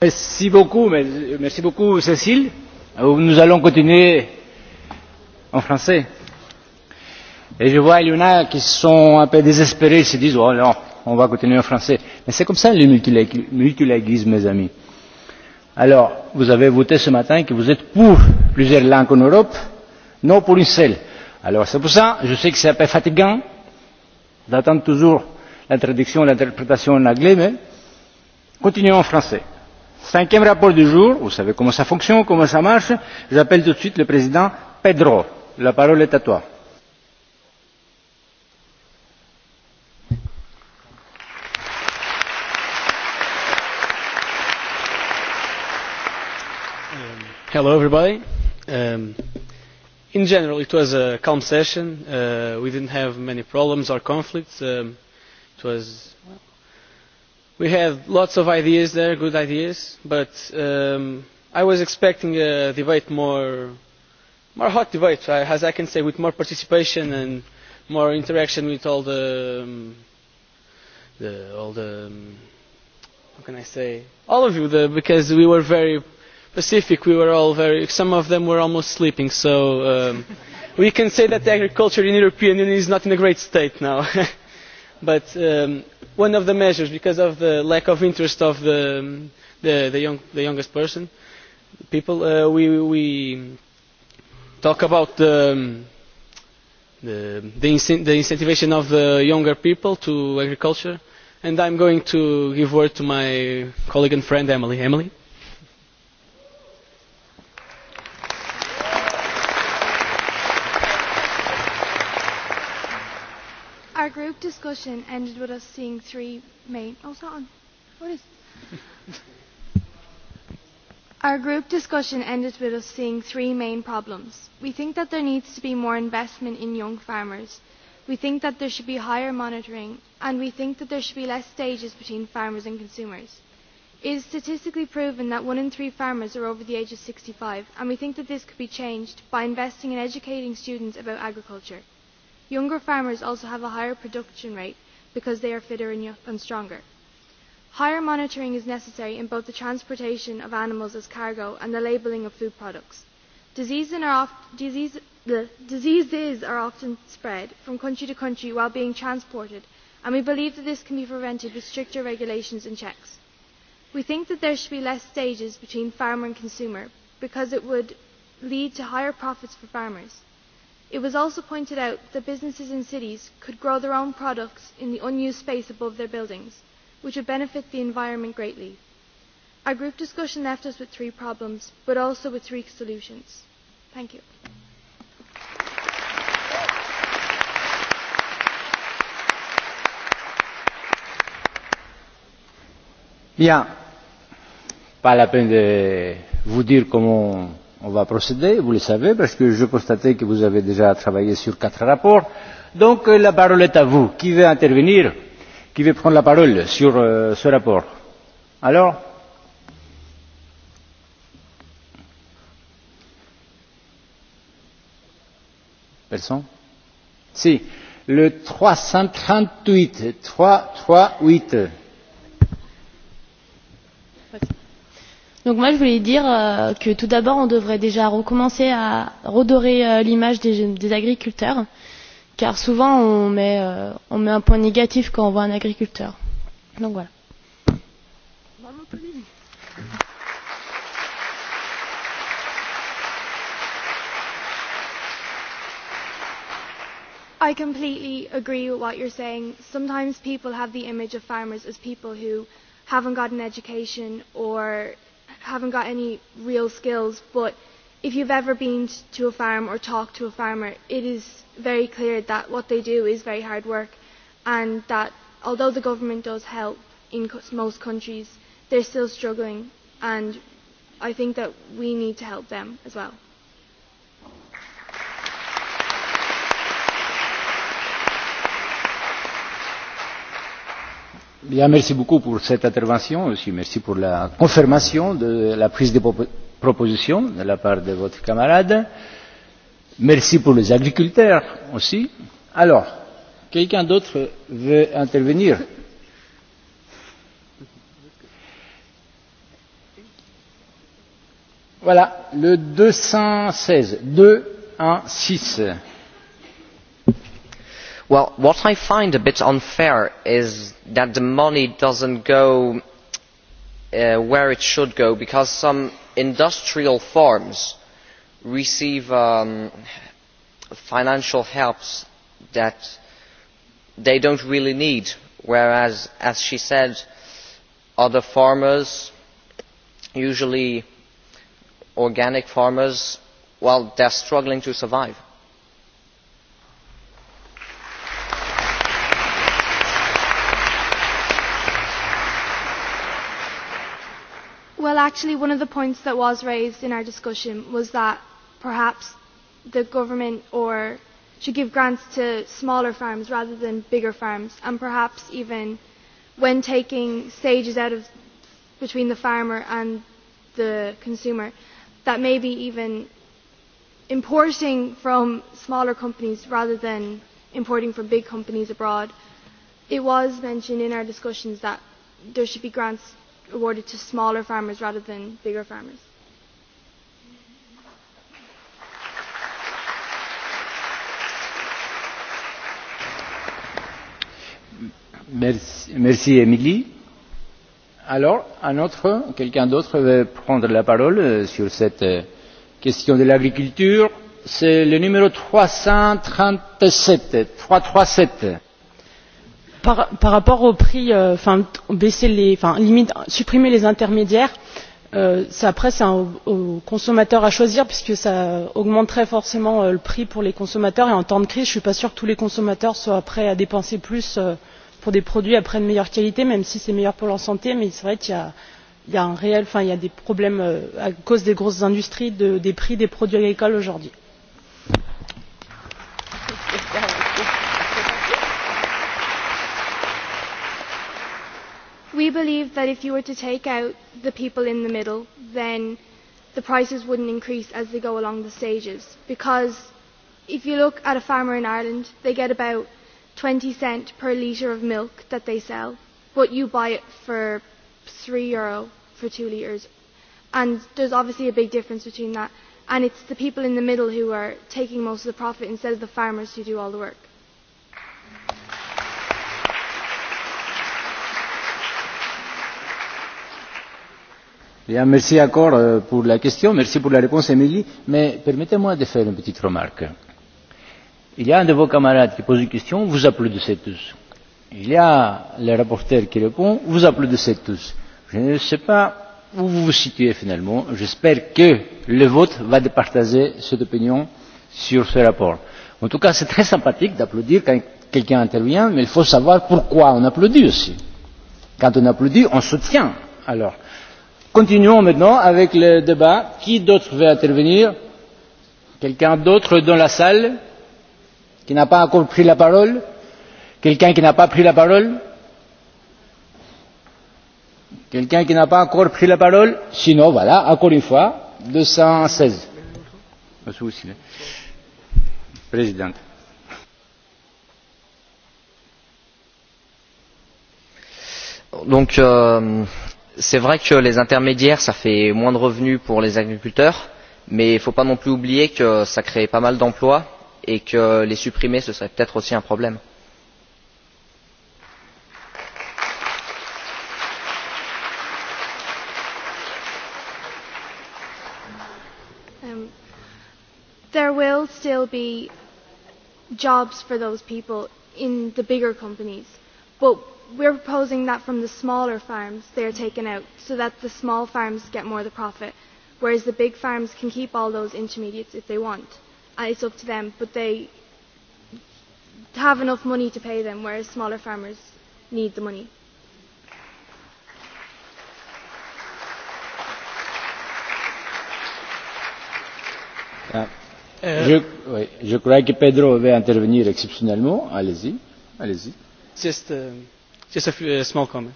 Merci beaucoup, merci beaucoup Cécile. Nous allons continuer en français. Et je vois, il y en a qui sont un peu désespérés, ils se disent, oh non, on va continuer en français. Mais c'est comme ça le multilinguisme, mes amis. Alors, vous avez voté ce matin que vous êtes pour plusieurs langues en Europe, non pour une seule. Alors, c'est pour ça, je sais que c'est un peu fatigant d'attendre toujours la traduction, l'interprétation en anglais, mais continuons en français. Cinquième rapport du jour, vous savez comment ça fonctionne, comment ça marche. J'appelle tout de suite le président Pedro. La parole est à toi Hello, everybody. Um, in general, it was a calm session. Uh, we didn't have many problems or conflicts. Um, it was well, we had lots of ideas there, good ideas, but um, I was expecting a debate more, more hot debate, as I can say, with more participation and more interaction with all the, um, the all the, um, how can I say, all of you, the, because we were very Pacific, we were all very, some of them were almost sleeping, so um, we can say that agriculture in the European Union is not in a great state now. but um, one of the measures, because of the lack of interest of the, um, the, the, young, the youngest person, people, uh, we, we talk about the, um, the, the, incent the incentivation of the younger people to agriculture, and I'm going to give word to my colleague and friend, Emily. Emily? discussion ended with us seeing three main. Oh, it's not on. What is? Our group discussion ended with us seeing three main problems. We think that there needs to be more investment in young farmers. We think that there should be higher monitoring, and we think that there should be less stages between farmers and consumers. It is statistically proven that one in three farmers are over the age of 65, and we think that this could be changed by investing in educating students about agriculture. Younger farmers also have a higher production rate because they are fitter and stronger. Higher monitoring is necessary in both the transportation of animals as cargo and the labelling of food products. Diseases are, oft, disease, bleh, diseases are often spread from country to country while being transported, and we believe that this can be prevented with stricter regulations and checks. We think that there should be less stages between farmer and consumer because it would lead to higher profits for farmers it was also pointed out that businesses in cities could grow their own products in the unused space above their buildings which would benefit the environment greatly. our group discussion left us with three problems but also with three solutions. thank you. Bien. Pas la peine de vous dire comment on va procéder, vous le savez, parce que je constatais que vous avez déjà travaillé sur quatre rapports. Donc euh, la parole est à vous. Qui veut intervenir Qui veut prendre la parole sur euh, ce rapport Alors Personne Si. Le 338. 338. Donc moi, je voulais dire euh, que tout d'abord, on devrait déjà recommencer à redorer euh, l'image des, des agriculteurs, car souvent, on met, euh, on met un point négatif quand on voit un agriculteur. Donc voilà. Maman, I completely agree with what you're saying. Sometimes people have the image of farmers as people who haven't got an education or haven't got any real skills, but if you've ever been to a farm or talked to a farmer, it is very clear that what they do is very hard work and that although the government does help in most countries, they're still struggling and I think that we need to help them as well. Bien, merci beaucoup pour cette intervention aussi merci pour la confirmation de la prise de proposition de la part de votre camarade merci pour les agriculteurs aussi. alors quelqu'un d'autre veut intervenir? voilà le deux cent seize deux un six Well, what I find a bit unfair is that the money doesn't go uh, where it should go because some industrial farms receive um, financial helps that they don't really need, whereas, as she said, other farmers, usually organic farmers, well, they're struggling to survive. actually one of the points that was raised in our discussion was that perhaps the government or should give grants to smaller farms rather than bigger farms and perhaps even when taking stages out of between the farmer and the consumer that maybe even importing from smaller companies rather than importing from big companies abroad it was mentioned in our discussions that there should be grants awarded to smaller farmers rather than bigger farmers. Merci, merci Émilie. Alors, un autre, quelqu'un d'autre veut prendre la parole euh, sur cette euh, question de l'agriculture. C'est le numéro 337. 337 par, par rapport au prix euh, enfin euh, baisser les enfin limite supprimer les intermédiaires euh, ça, après c'est au consommateur à choisir puisque ça augmenterait forcément euh, le prix pour les consommateurs et en temps de crise je ne suis pas sûre que tous les consommateurs soient prêts à dépenser plus euh, pour des produits après de meilleure qualité même si c'est meilleur pour leur santé mais c'est vrai qu'il y a il y a un réel enfin il y a des problèmes euh, à cause des grosses industries de, des prix des produits agricoles aujourd'hui. we believe that if you were to take out the people in the middle, then the prices wouldn't increase as they go along the stages. Because if you look at a farmer in Ireland, they get about 20 cent per litre of milk that they sell, but you buy it for 3 euro for 2 litres. And there's obviously a big difference between that. And it's the people in the middle who are taking most of the profit instead of the farmers who do all the work. Bien, merci encore euh, pour la question, merci pour la réponse, Émilie. Mais permettez-moi de faire une petite remarque. Il y a un de vos camarades qui pose une question, vous applaudissez tous. Il y a le rapporteur qui répond, vous applaudissez tous. Je ne sais pas où vous vous situez finalement. J'espère que le vote va départager cette opinion sur ce rapport. En tout cas, c'est très sympathique d'applaudir quand quelqu'un intervient, mais il faut savoir pourquoi on applaudit aussi. Quand on applaudit, on soutient. Alors, Continuons maintenant avec le débat. Qui d'autre veut intervenir Quelqu'un d'autre dans la salle qui n'a pas encore pris la parole Quelqu'un qui n'a pas pris la parole Quelqu'un qui n'a pas encore pris la parole Sinon, voilà, encore une fois, 216. Présidente. Donc, euh, c'est vrai que les intermédiaires ça fait moins de revenus pour les agriculteurs mais il ne faut pas non plus oublier que ça crée pas mal d'emplois et que les supprimer ce serait peut être aussi un problème. Um, there will still be jobs for those people in the bigger companies, but we're proposing that from the smaller farms they are taken out so that the small farms get more of the profit, whereas the big farms can keep all those intermediates if they want. And uh, it's up to them, but they have enough money to pay them, whereas smaller farmers need the money. Uh, je, oui, je crois que Pedro veut intervenir exceptionnellement. Allez-y. Allez-y. Just. Um, Just a uh, small comment.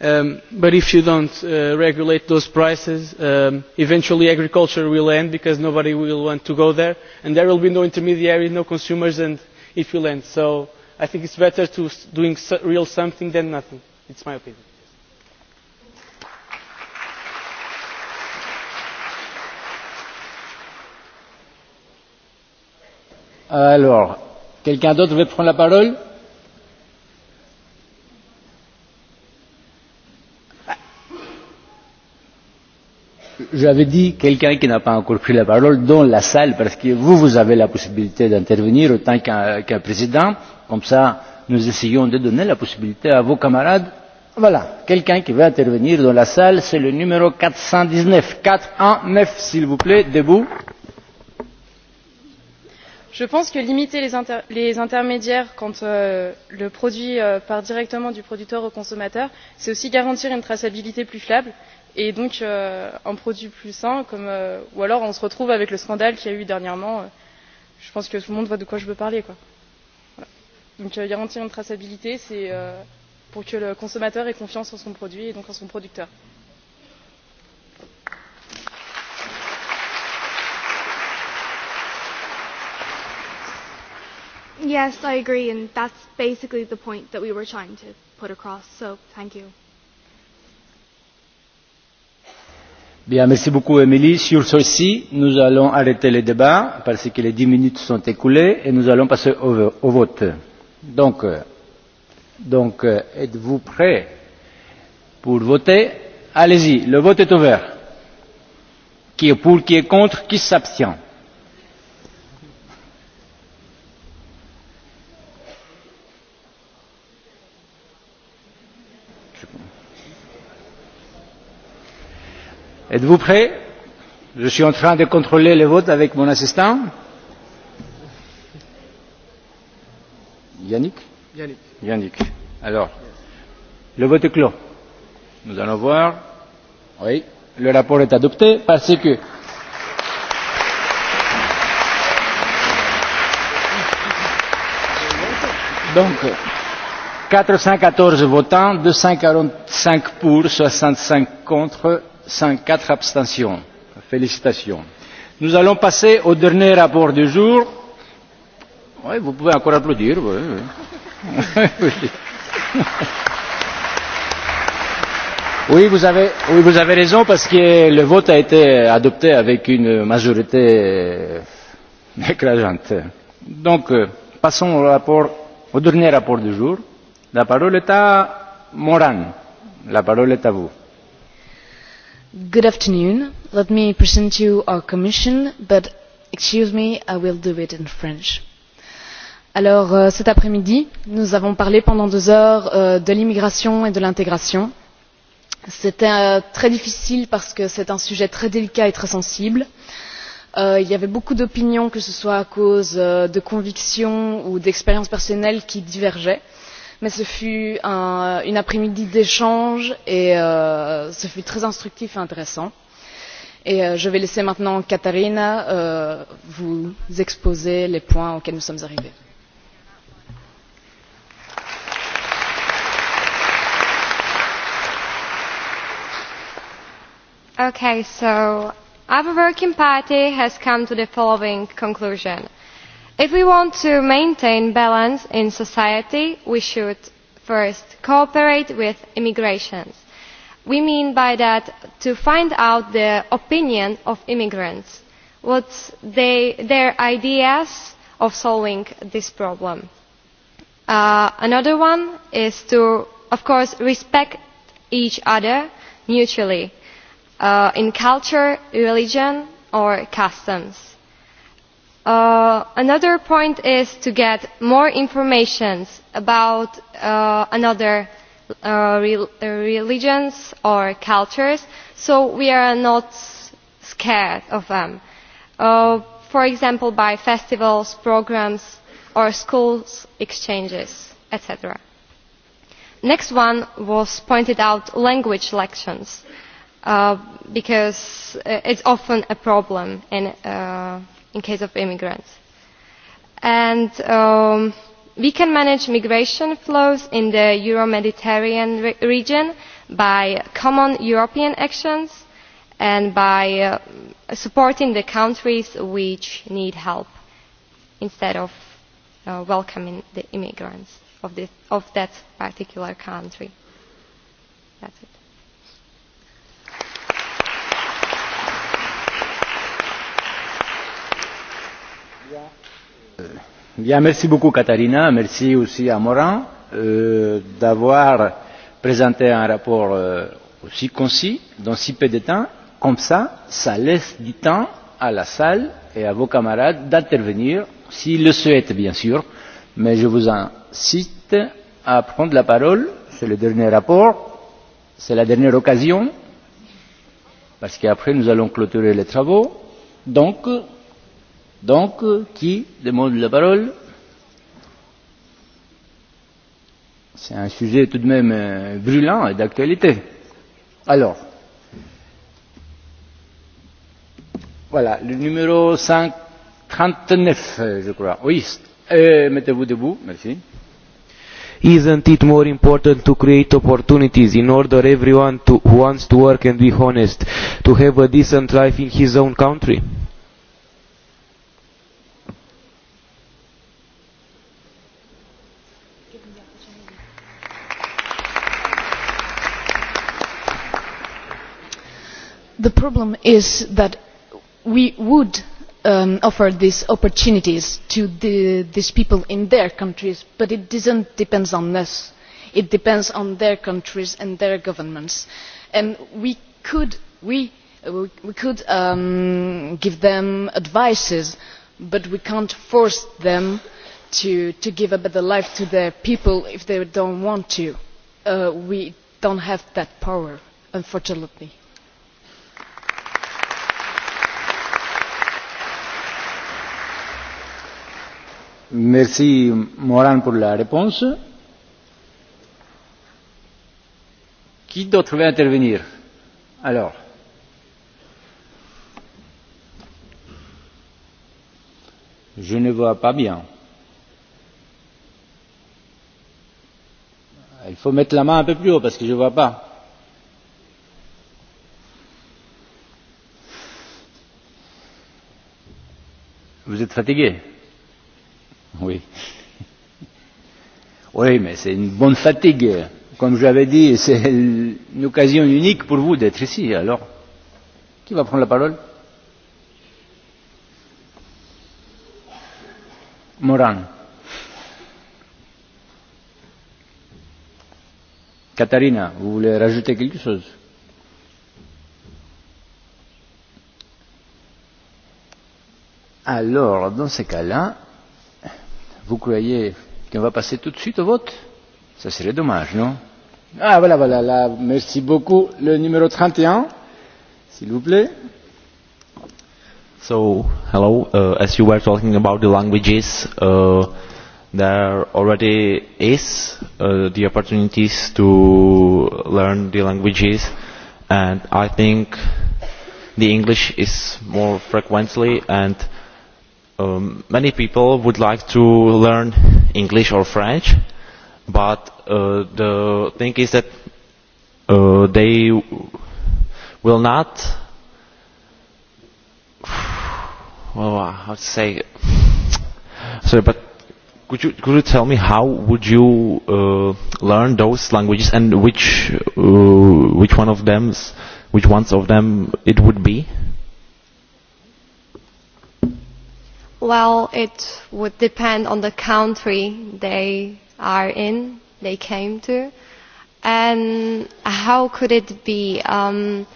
Um, but if you don't uh, regulate those prices, um, eventually agriculture will end because nobody will want to go there, and there will be no intermediaries, no consumers, and it will end. So I think it's better to doing so real something than nothing. It's my opinion. Alors, quelqu'un d'autre veut prendre la parole? j'avais dit quelqu'un qui n'a pas encore pris la parole dans la salle parce que vous, vous avez la possibilité d'intervenir autant qu'un qu président. Comme ça, nous essayons de donner la possibilité à vos camarades. Voilà, quelqu'un qui veut intervenir dans la salle, c'est le numéro 419. 419, s'il vous plaît, debout. Je pense que limiter les, inter les intermédiaires quand euh, le produit euh, part directement du producteur au consommateur, c'est aussi garantir une traçabilité plus fiable et donc euh, un produit plus sain comme, euh, ou alors on se retrouve avec le scandale qu'il y a eu dernièrement euh, je pense que tout le monde voit de quoi je veux parler quoi. Voilà. donc euh, garantir une traçabilité c'est euh, pour que le consommateur ait confiance en son produit et donc en son producteur. Yes, I agree, and that's basically the point that we were trying to put across, so thank you. Bien, merci beaucoup, Émilie. Sur ceci, nous allons arrêter le débat parce que les dix minutes sont écoulées et nous allons passer au, au vote. Donc, euh, donc euh, êtes-vous prêts pour voter Allez-y, le vote est ouvert. Qui est pour, qui est contre, qui s'abstient êtes vous prêts? je suis en train de contrôler le vote avec mon assistant. yannick? yannick. yannick. alors le vote est clos. nous allons voir. oui le rapport est adopté parce que donc quatre cent quatorze votants deux cent quarante cinq pour soixante cinq contre cent quatre abstentions. félicitations. nous allons passer au dernier rapport du jour. Oui, vous pouvez encore applaudir. Oui, oui. oui, vous avez, oui, vous avez raison parce que le vote a été adopté avec une majorité euh, écrasante. Donc, euh, passons au, rapport, au dernier rapport du jour. La parole est à Moran. La parole est à vous. Good afternoon. Let me present you our commission, but excuse me, I will do it in French. Alors, euh, cet après-midi, nous avons parlé pendant deux heures euh, de l'immigration et de l'intégration. C'était euh, très difficile parce que c'est un sujet très délicat et très sensible. Euh, il y avait beaucoup d'opinions, que ce soit à cause euh, de convictions ou d'expériences personnelles, qui divergeaient mais ce fut un, une après midi d'échanges et euh, ce fut très instructif et intéressant. Et euh, je vais laisser maintenant Katharina euh, vous exposer les points auxquels nous sommes arrivés. Okay, so our working party has come to the following conclusion if we want to maintain balance in society we should first cooperate with immigration. we mean by that to find out the opinion of immigrants what they, their ideas of solving this problem. Uh, another one is to of course respect each other mutually uh, in culture religion or customs Uh, another point is to get more information about uh, another uh, re uh, religions or cultures so we are not scared of them. Uh, for example, by festivals, programs or schools exchanges, etc. Next one was pointed out language lections uh, because uh, it's often a problem in uh, in case of immigrants. And um, we can manage migration flows in the Euro-Mediterranean re region by common European actions and by uh, supporting the countries which need help instead of uh, welcoming the immigrants of, this, of that particular country. That's it. Bien, eh, merci beaucoup Katharina, merci aussi à Morin euh, d'avoir présenté un rapport euh, aussi concis dans si peu de temps. Comme ça, ça laisse du temps à la salle et à vos camarades d'intervenir, s'ils le souhaitent bien sûr, mais je vous incite à prendre la parole. C'est le dernier rapport, c'est la dernière occasion, parce qu'après nous allons clôturer les travaux. Donc, Donc, qui demande la parole C'est un sujet tout de même euh, brûlant et d'actualité. Alors, voilà, le numéro 5, 39, je crois. Oui, euh, mettez-vous debout, merci. Isn't it more important to create opportunities in order everyone to, who wants to work and be honest to have a decent life in his own country? the problem is that we would um, offer these opportunities to the, these people in their countries but it does not depend on us it depends on their countries and their governments and we could, we, uh, we could um, give them advice but we cannot force them to, to give a better life to their people if they do not want to. Uh, we do not have that power unfortunately. Merci Moran pour la réponse. Qui d'autre veut intervenir Alors. Je ne vois pas bien. Il faut mettre la main un peu plus haut parce que je ne vois pas. Vous êtes fatigué Oui. Oui, mais c'est une bonne fatigue. Comme j'avais dit, c'est une occasion unique pour vous d'être ici. Alors, qui va prendre la parole Moran. Katharina, vous voulez rajouter quelque chose Alors, dans ce cas-là, Vous croyez qu'on va passer tout de suite au vote Ça serait dommage, non Ah voilà, voilà, là, merci beaucoup. Le numéro 31, s'il vous plaît. So, hello, uh, as you were talking about the languages, uh, there already is uh, the opportunities to learn the languages and I think the English is more frequently and uh, Um, many people would like to learn English or French, but uh, the thing is that uh, they will not. Well, uh, how to say? Sorry, but could you could you tell me how would you uh, learn those languages and which uh, which one of them which ones of them it would be? Uh, Well, it would depend on the country they are in, they came to. And how could it be? Um,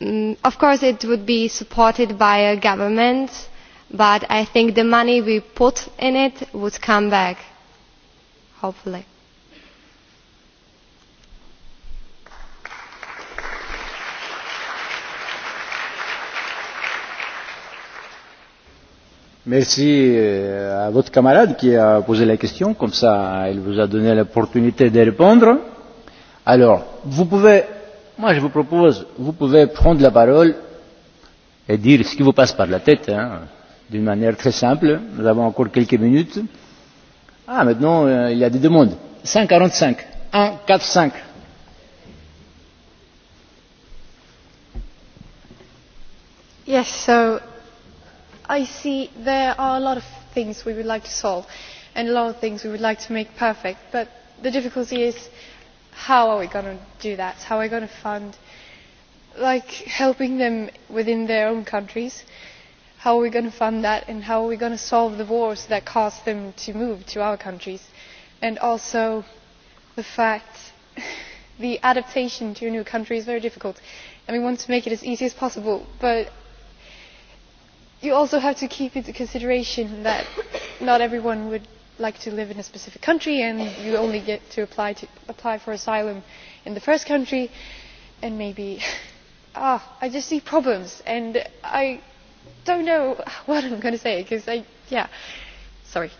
mm, of course, it would be supported by a government, but I think the money we put in it would come back, hopefully. Merci euh, à votre camarade qui a posé la question, comme ça il vous a donné l'opportunité de répondre. Alors, vous pouvez, moi je vous propose, vous pouvez prendre la parole et dire ce qui vous passe par la tête, hein, d'une manière très simple. Nous avons encore quelques minutes. Ah, maintenant euh, il y a des demandes. 145, 145. Yes, so i see there are a lot of things we would like to solve and a lot of things we would like to make perfect but the difficulty is how are we going to do that how are we going to fund like helping them within their own countries how are we going to fund that and how are we going to solve the wars that cause them to move to our countries and also the fact the adaptation to a new country is very difficult and we want to make it as easy as possible but you also have to keep into consideration that not everyone would like to live in a specific country and you only get to apply to apply for asylum in the first country and maybe ah I just see problems and I don't know what I'm going to say because I yeah sorry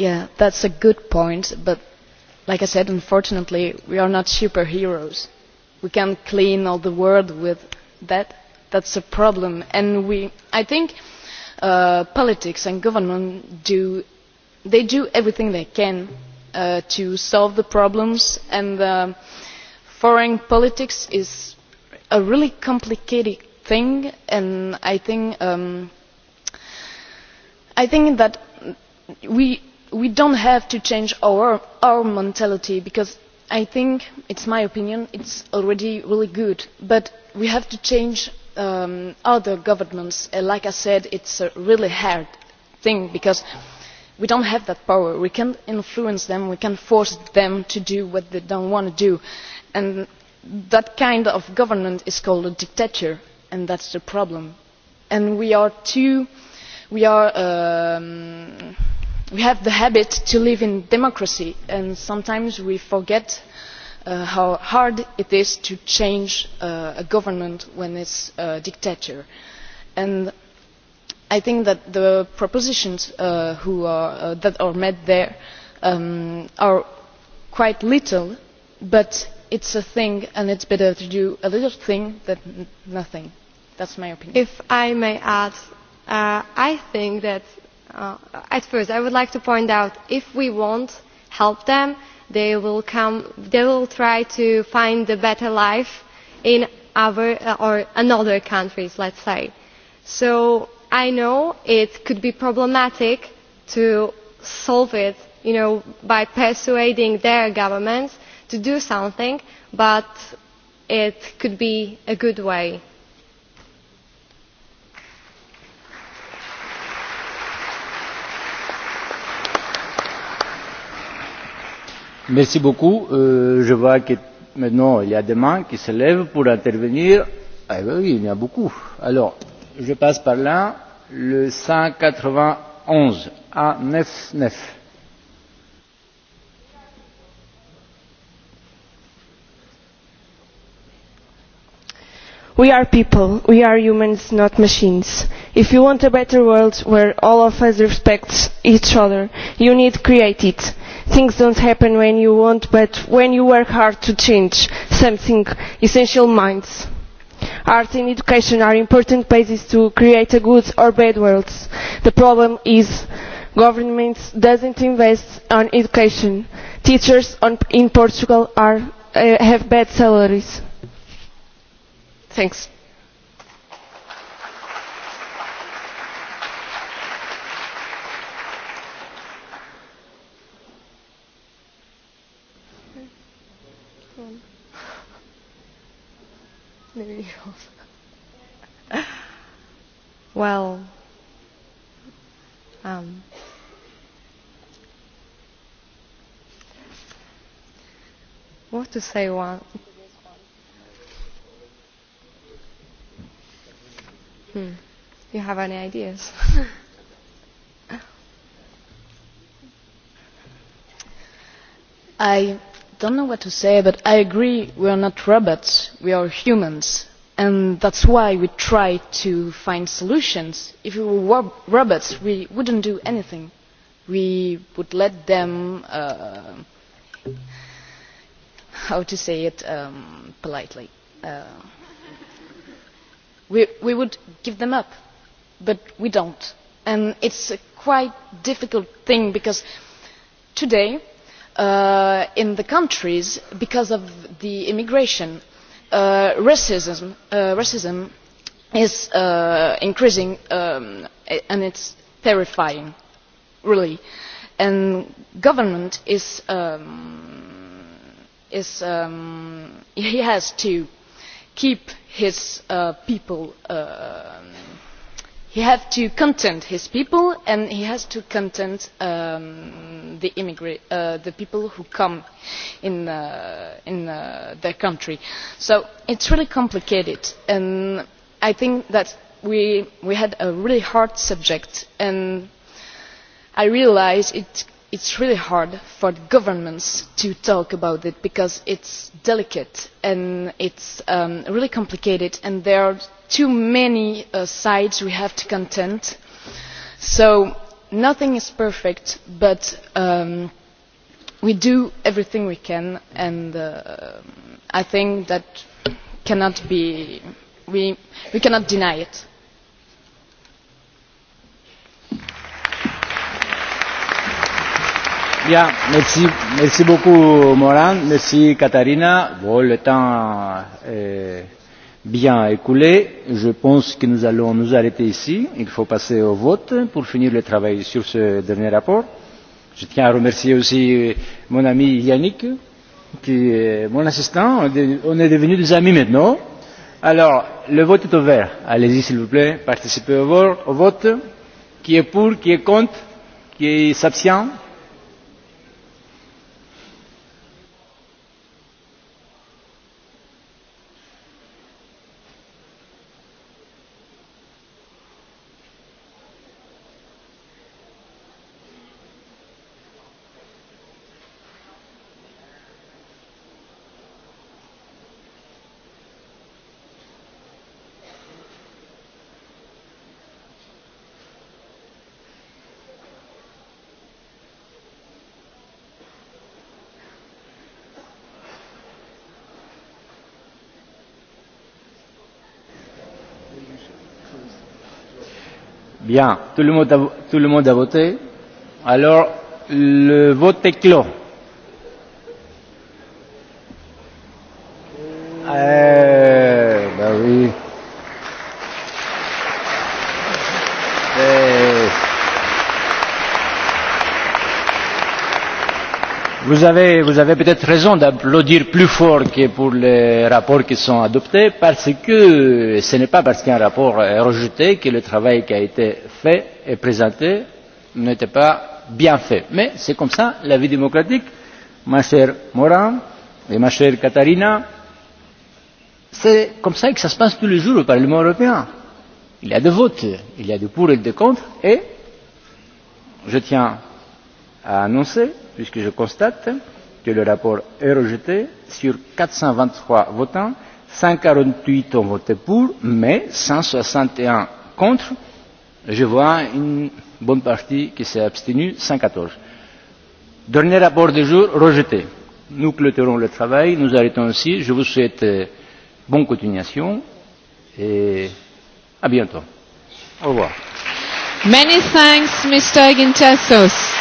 Yeah, that's a good point, but like I said, unfortunately, we are not superheroes. We can't clean all the world with that. That's a problem, and we, I think, uh, politics and government do, they do everything they can uh, to solve the problems, and uh, foreign politics is a really complicated thing, and I think, um, I think that we we do not have to change our, our mentality because i think it is my opinion it is already really good but we have to change um, other governments and like i said it is a really hard thing because we do not have that power we cannot influence them we cannot force them to do what they do not want to do and that kind of government is called a dictatorship and that is the problem and we are too we are um, we have the habit to live in democracy and sometimes we forget uh, how hard it is to change uh, a government when it is a dictatorship. i think that the propositions uh, are, uh, that are made there um, are quite little but it is a thing and it is better to do a little thing than nothing. that is my opinion. if i may add uh, i think that Uh, at first, I would like to point out if we won't help them, they will, come, they will try to find a better life in other uh, or another countries, let's say. So I know it could be problematic to solve it you know, by persuading their governments to do something, but it could be a good way. Merci beaucoup. Euh, je vois que maintenant il y a des mains qui se lèvent pour intervenir. Eh ah, bien oui, il y en a beaucoup. Alors, je passe par là. Le 191 à 99. We are people, we are humans, not machines. If you want a better world where all of us respect each other, you need to create it things don't happen when you want, but when you work hard to change something, essential minds. Arts and education are important bases to create a good or bad world. The problem is governments doesn't invest on education. Teachers on, in Portugal are, uh, have bad salaries. Thanks. the videos. well, um, what to say one? Hmm. You have any ideas? I don't know what to say, but I agree we are not robots, we are humans. And that's why we try to find solutions. If we were robots, we wouldn't do anything. We would let them, uh, how to say it um, politely, uh, we, we would give them up, but we don't. And it's a quite difficult thing because today uh, in the countries because of the immigration. Uh, racism, uh, racism is uh, increasing um, and it's terrifying, really. And government is, um, is um, he has to keep his uh, people uh, he has to content his people and he has to content um, the, immigrant, uh, the people who come in, uh, in uh, their country. So it's really complicated and I think that we, we had a really hard subject and I realize it, it's really hard for the governments to talk about it because it's delicate and it's um, really complicated and there are too many uh, sides we have to contend so nothing is perfect but um, we do everything we can and uh, i think that cannot be we, we cannot deny it. Bien, merci, merci beaucoup Moran, merci Katharina. Bon, le temps est euh, bien écoulé. je pense que nous allons nous arrêter ici. il faut passer au vote pour finir le travail sur ce dernier rapport. je tiens à remercier aussi euh, mon ami yannick qui est mon assistant. on est devenus des amis maintenant. alors le vote est ouvert. allez y s'il vous plaît participez au vote. qui est pour qui est contre qui s'abstient? Bien. Tout le monde a, tout le monde a voté. Alors, le vote est clos. vous avez, vous avez peut-être raison d'applaudir plus fort que pour les rapports qui sont adoptés, parce que ce n'est pas parce qu'un rapport est rejeté que le travail qui a été fait et présenté n'était pas bien fait. Mais c'est comme ça la vie démocratique, ma chère Morin et ma chère Katharina. C'est comme ça que ça se passe tous les jours au Parlement européen. Il y a des votes, il y a des pour et des contre, et je tiens à annoncer puisque je constate que le rapport est rejeté sur quatre cent vingt trois votants cent quarante huit ont voté pour mais cent soixante et un contre je vois une bonne partie qui s'est abstenue cent quatorze dernier rapport du jour rejeté. nous clôturons le travail nous arrêtons ici je vous souhaite euh, bonne continuation et à bientôt. au revoir. Many thanks, Mr. Gintasos.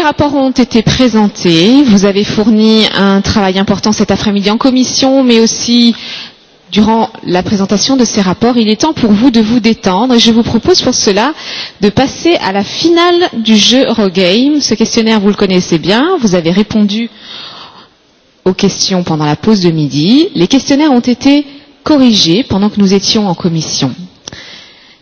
les rapports ont été présentés. Vous avez fourni un travail important cet après-midi en commission, mais aussi durant la présentation de ces rapports. Il est temps pour vous de vous détendre et je vous propose pour cela de passer à la finale du jeu Eurogame. Ce questionnaire, vous le connaissez bien. Vous avez répondu aux questions pendant la pause de midi. Les questionnaires ont été corrigés pendant que nous étions en commission.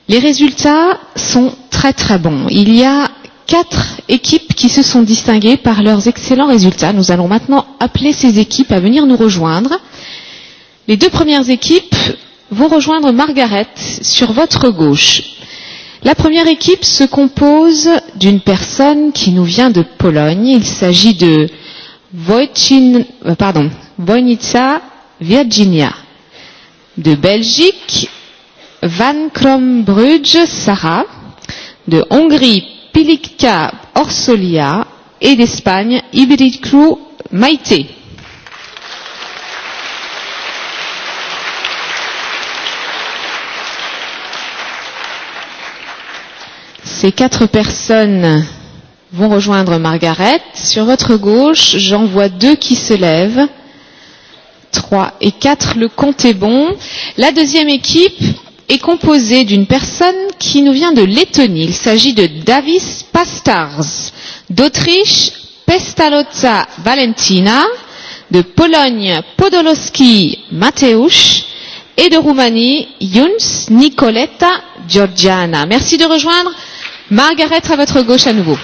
Les résultats sont très très bons. Il y a quatre équipes qui se sont distinguées par leurs excellents résultats. Nous allons maintenant appeler ces équipes à venir nous rejoindre. Les deux premières équipes vont rejoindre Margaret sur votre gauche. La première équipe se compose d'une personne qui nous vient de Pologne. Il s'agit de Wojcin, euh, pardon, Wojnica Virginia. De Belgique, Van Krombrugge Sarah. De Hongrie, Pilica Orsolia et d'Espagne Ibrid Crew Maite. Ces quatre personnes vont rejoindre Margaret. Sur votre gauche, j'en vois deux qui se lèvent. Trois et quatre, le compte est bon. La deuxième équipe est composé d'une personne qui nous vient de Lettonie. Il s'agit de Davis Pastars, d'Autriche Pestalozza Valentina, de Pologne Podolski Mateusz et de Roumanie Yuns Nicoleta Georgiana. Merci de rejoindre Margaret à votre gauche à nouveau.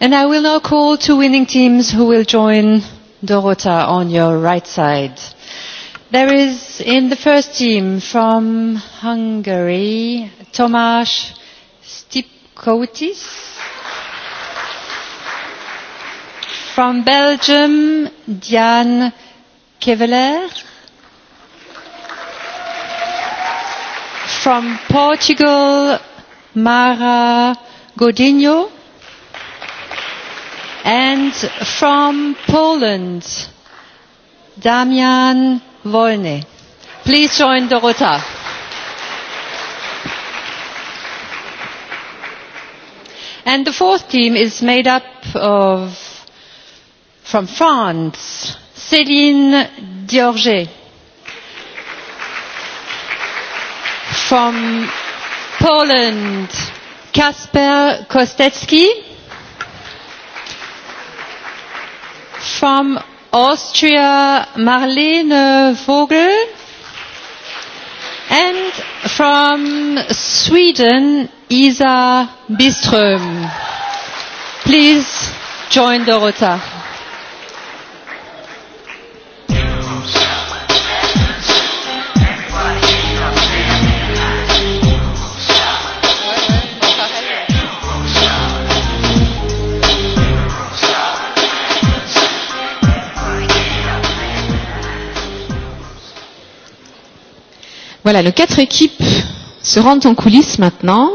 And I will now call two winning teams who will join Dorota on your right side. There is in the first team from Hungary, Tomasz Stipkotis. From Belgium, Diane Keveler. From Portugal, Mara Godinho. And from Poland, Damian Wolny. Please join Dorota. And the fourth team is made up of, from France, Céline Diorget. From Poland, Kasper Kostecki from Austria, Marlene Vogel. And from Sweden, Isa Biström. Please join Dorota. Voilà, nos quatre équipes se rendent en coulisses maintenant.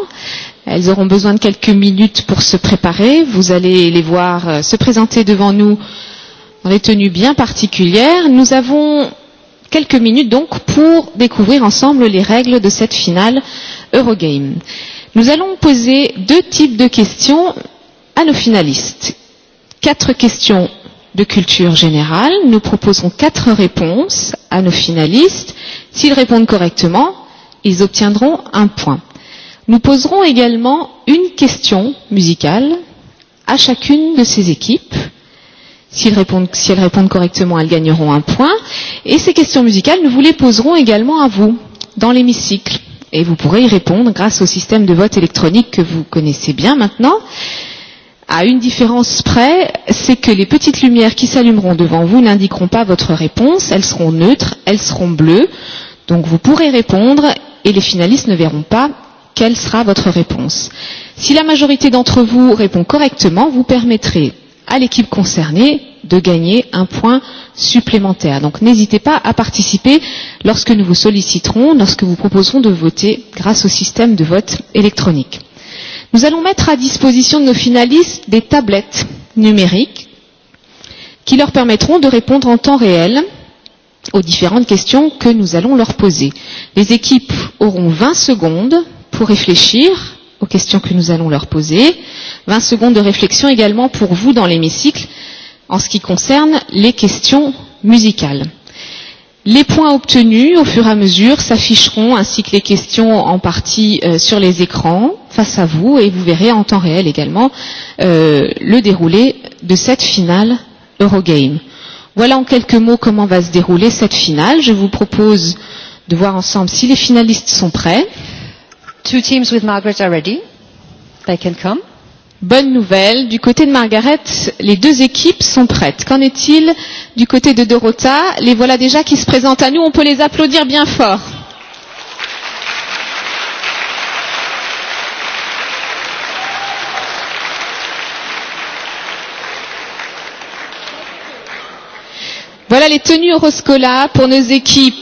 Elles auront besoin de quelques minutes pour se préparer. Vous allez les voir euh, se présenter devant nous dans des tenues bien particulières. Nous avons quelques minutes donc pour découvrir ensemble les règles de cette finale Eurogame. Nous allons poser deux types de questions à nos finalistes. Quatre questions de culture générale. Nous proposons quatre réponses à nos finalistes. S'ils répondent correctement, ils obtiendront un point. Nous poserons également une question musicale à chacune de ces équipes. S'ils répondent, si elles répondent correctement, elles gagneront un point. Et ces questions musicales, nous vous les poserons également à vous, dans l'hémicycle. Et vous pourrez y répondre grâce au système de vote électronique que vous connaissez bien maintenant. Euh, À une différence près, c'est que les petites lumières qui s'allumeront devant vous n'indiqueront pas votre réponse, elles seront neutres, elles seront bleues, donc vous pourrez répondre et les finalistes ne verront pas quelle sera votre réponse. Si la majorité d'entre vous répond correctement, vous permettrez à l'équipe concernée de gagner un point supplémentaire. Donc n'hésitez pas à participer lorsque nous vous solliciterons, lorsque vous proposerons de voter grâce au système de vote électronique. Nous allons mettre à disposition de nos finalistes des tablettes numériques qui leur permettront de répondre en temps réel aux différentes questions que nous allons leur poser. Les équipes auront 20 secondes pour réfléchir aux questions que nous allons leur poser, 20 secondes de réflexion également pour vous dans l'hémicycle en ce qui concerne les questions musicales. Les points obtenus au fur et à mesure s'afficheront ainsi que les questions en partie euh, sur les écrans face à vous et vous verrez en temps réel également euh, le déroulé de cette finale Eurogame. Voilà en quelques mots comment va se dérouler cette finale. Je vous propose de voir ensemble si les finalistes sont prêts. Two teams with Margaret are ready. They can come. Bonne nouvelle, du côté de Margaret, les deux équipes sont prêtes. Qu'en est-il du côté de Dorota Les voilà déjà qui se présentent à nous, on peut les applaudir bien fort. Voilà les tenues Euroscola pour nos équipes.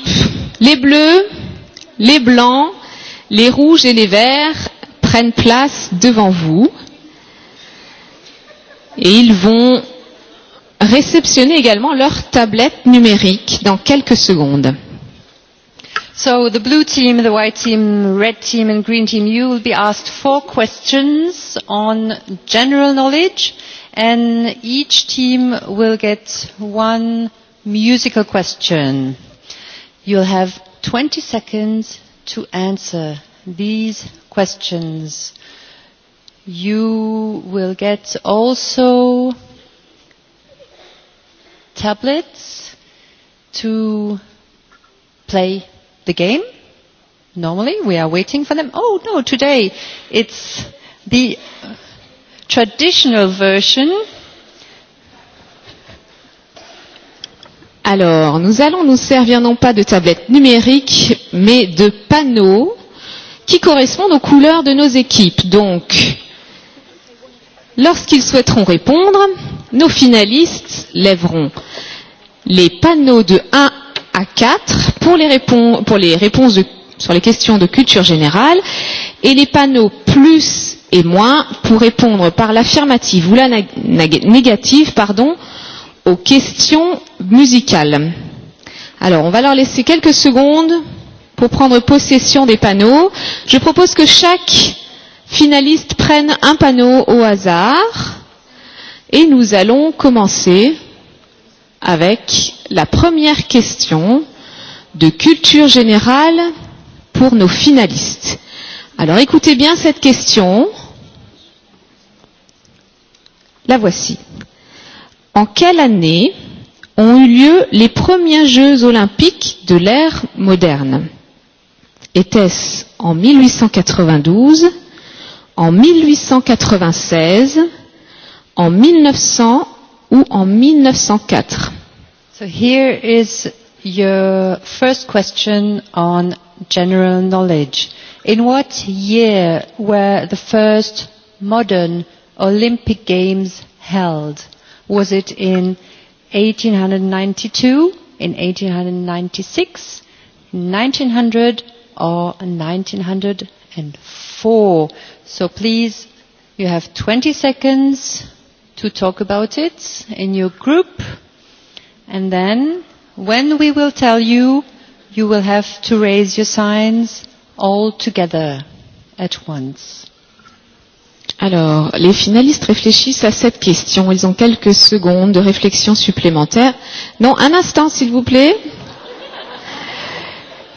Les bleus, les blancs, les rouges et les verts prennent place devant vous et ils vont réceptionner également leur tablette numérique dans quelques secondes. So the blue team, the white team, red team and green team, you will be asked four questions on general knowledge and each team will get one musical question. You'll have 20 seconds to answer these questions you will get also tablets to play the game. Normally, we are waiting for them. Oh, no, today it's the traditional version. Alors, nous allons nous servir non pas de tablettes numériques, mais de panneaux qui correspondent aux couleurs de nos équipes. Donc, Lorsqu'ils souhaiteront répondre, nos finalistes lèveront les panneaux de 1 à 4 pour les, répons pour les réponses de, sur les questions de culture générale et les panneaux plus et moins pour répondre par l'affirmative ou la négative pardon, aux questions musicales. Alors, on va leur laisser quelques secondes pour prendre possession des panneaux. Je propose que chaque finalistes prennent un panneau au hasard et nous allons commencer avec la première question de culture générale pour nos finalistes. Alors écoutez bien cette question. La voici. En quelle année ont eu lieu les premiers Jeux olympiques de l'ère moderne Était-ce en 1892, en 1896, en 1900 ou en 1904. So here is your first question on general knowledge. In what year were the first modern Olympic Games held? Was it in 1892, in 1896, 1900 or 1900? and 4. So please, you have 20 seconds to talk about it in your group. And then, when we will tell you, you will have to raise your signs all together at once. Alors, les finalistes réfléchissent à cette question. Ils ont quelques secondes de réflexion supplémentaire. Non, un instant, s'il vous plaît.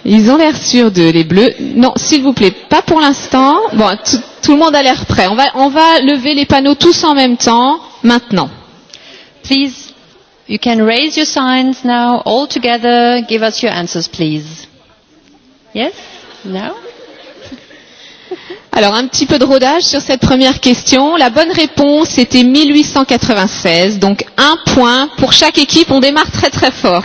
Ils ont l'air sûrs d'eux, les bleus. Non, s'il vous plaît, pas pour l'instant. Bon, tout, tout le monde a l'air prêt. On va, on va lever les panneaux tous en même temps, maintenant. Please, you can raise your signs now, all together. Give us your answers, please. Yes? No? Alors, un petit peu de rodage sur cette première question. La bonne réponse était 1896, donc un point pour chaque équipe. On démarre très très fort.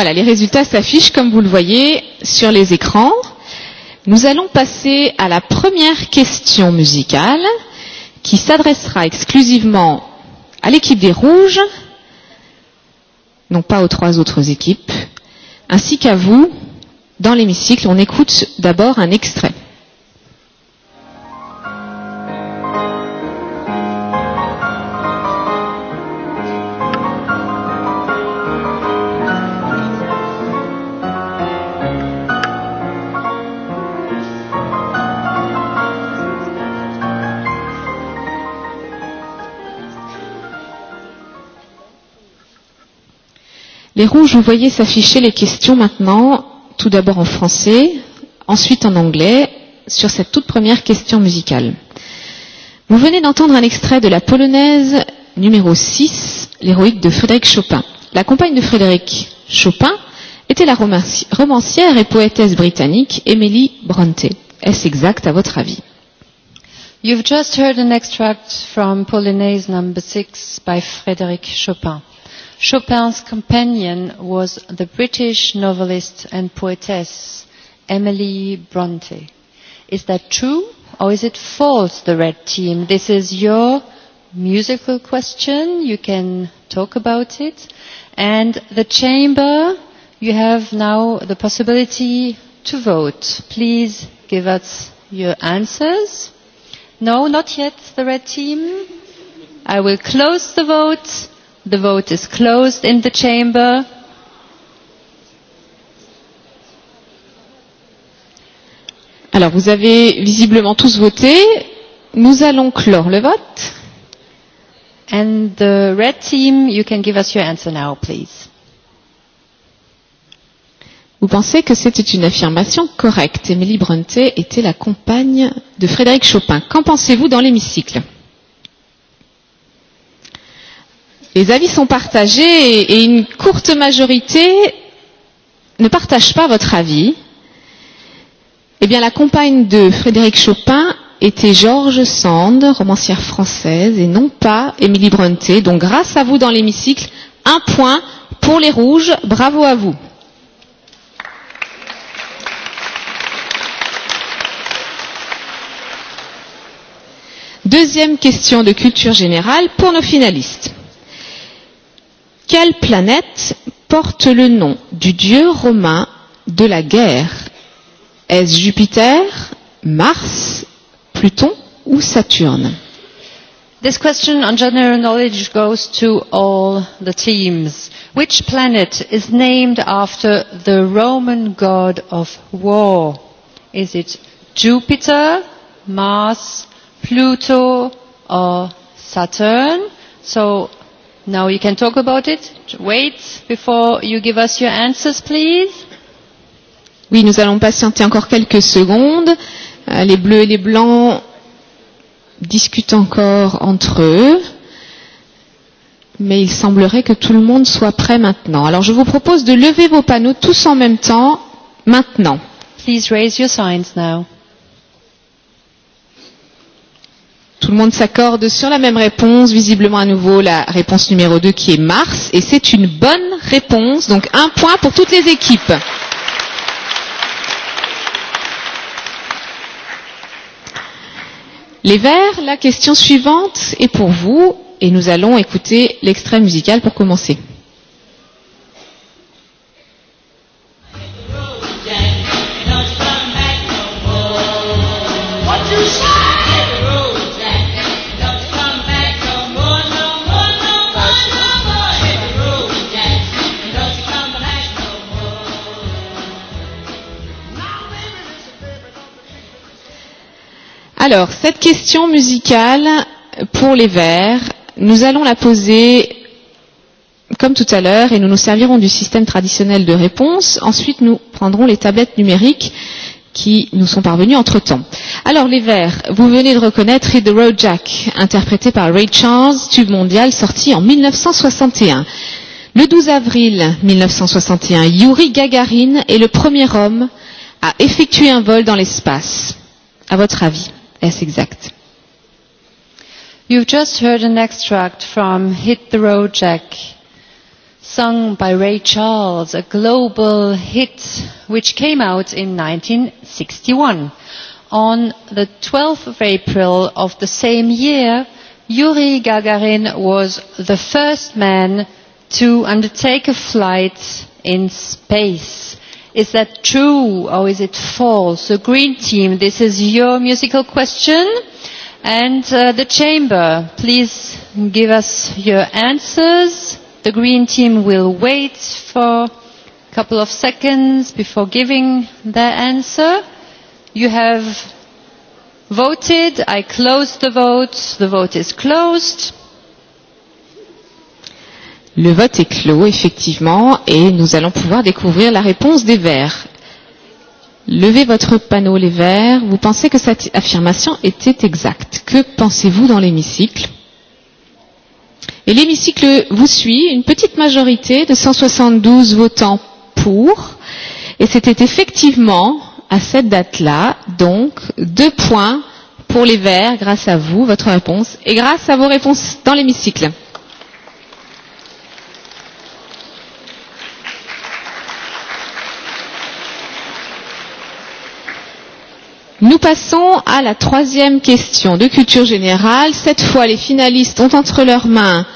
Voilà, les résultats s'affichent comme vous le voyez sur les écrans. Nous allons passer à la première question musicale qui s'adressera exclusivement à l'équipe des Rouges, non pas aux trois autres équipes, ainsi qu'à vous dans l'hémicycle. On écoute d'abord un extrait. Les rouges, vous voyez s'afficher les questions maintenant, tout d'abord en français, ensuite en anglais, sur cette toute première question musicale. Vous venez d'entendre un extrait de la polonaise numéro 6, l'héroïque de Frédéric Chopin. La compagne de Frédéric Chopin était la romancière et poétesse britannique Emily Bronte. Est-ce exact à votre avis You've just heard an extract from Polonaise number 6 by Frédéric Chopin. Chopin's companion was the British novelist and poetess Emily Bronte. Is that true or is it false, the red team? This is your musical question. You can talk about it. And the chamber, you have now the possibility to vote. Please give us your answers. No, not yet, the red team. I will close the vote. The vote is closed in the chamber. Alors, vous avez visiblement tous voté. Nous allons clore le vote. And the red team, you can give us your answer now, please. Vous pensez que c'était une affirmation correcte. Émilie Brontë était la compagne de Frédéric Chopin. Qu'en pensez-vous dans l'hémicycle? Les avis sont partagés et, et une courte majorité ne partage pas votre avis. Eh bien, la compagne de Frédéric Chopin était Georges Sand, romancière française, et non pas Émilie Brontë. Donc, grâce à vous dans l'hémicycle, un point pour les rouges. Bravo à vous. Deuxième question de culture générale pour nos finalistes. Quelle planète porte le nom du dieu romain de la guerre Est-ce Jupiter, Mars, Pluton ou Saturne This question on general knowledge goes to all the teams. Which planet is named after the Roman god of war? Is it Jupiter, Mars, Pluto or Saturn? So Now you can talk about it. Wait before you give us your answers, please. Oui, nous allons patienter encore quelques secondes. Euh, les bleus et les blancs discutent encore entre eux. Mais il semblerait que tout le monde soit prêt maintenant. Alors je vous propose de lever vos panneaux tous en même temps, maintenant. Please raise your signs now. Tout le monde s'accorde sur la même réponse, visiblement à nouveau la réponse numéro 2 qui est Mars, et c'est une bonne réponse, donc un point pour toutes les équipes. Les Verts, la question suivante est pour vous, et nous allons écouter l'extrait musical pour commencer. Alors, cette question musicale pour les Verts, nous allons la poser comme tout à l'heure et nous nous servirons du système traditionnel de réponse. Ensuite, nous prendrons les tablettes numériques qui nous sont parvenues entre-temps. Alors, les Verts, vous venez de reconnaître Hit the Road Jack, interprété par Ray Charles, tube mondial sorti en 1961. Le 12 avril 1961, Yuri Gagarin est le premier homme à effectuer un vol dans l'espace. À votre avis as exact. You've just heard an extract from Hit the Road Jack, sung by Ray Charles, a global hit which came out in 1961. On the 12th of April of the same year, Yuri Gagarin was the first man to undertake a flight in space Is that true or is it false? The Green Team, this is your musical question. And uh, the Chamber, please give us your answers. The Green Team will wait for a couple of seconds before giving their answer. You have voted. I close the vote. The vote is closed Le vote est clos, effectivement, et nous allons pouvoir découvrir la réponse des Verts. Levez votre panneau, les Verts. Vous pensez que cette affirmation était exacte. Que pensez-vous dans l'hémicycle Et l'hémicycle vous suit, une petite majorité de 172 votants pour. Et c'était effectivement à cette date-là, donc, deux points pour les Verts grâce à vous, votre réponse, et grâce à vos réponses dans l'hémicycle. Nous passons à la troisième question de culture générale. Cette fois, les finalistes ont entre leurs mains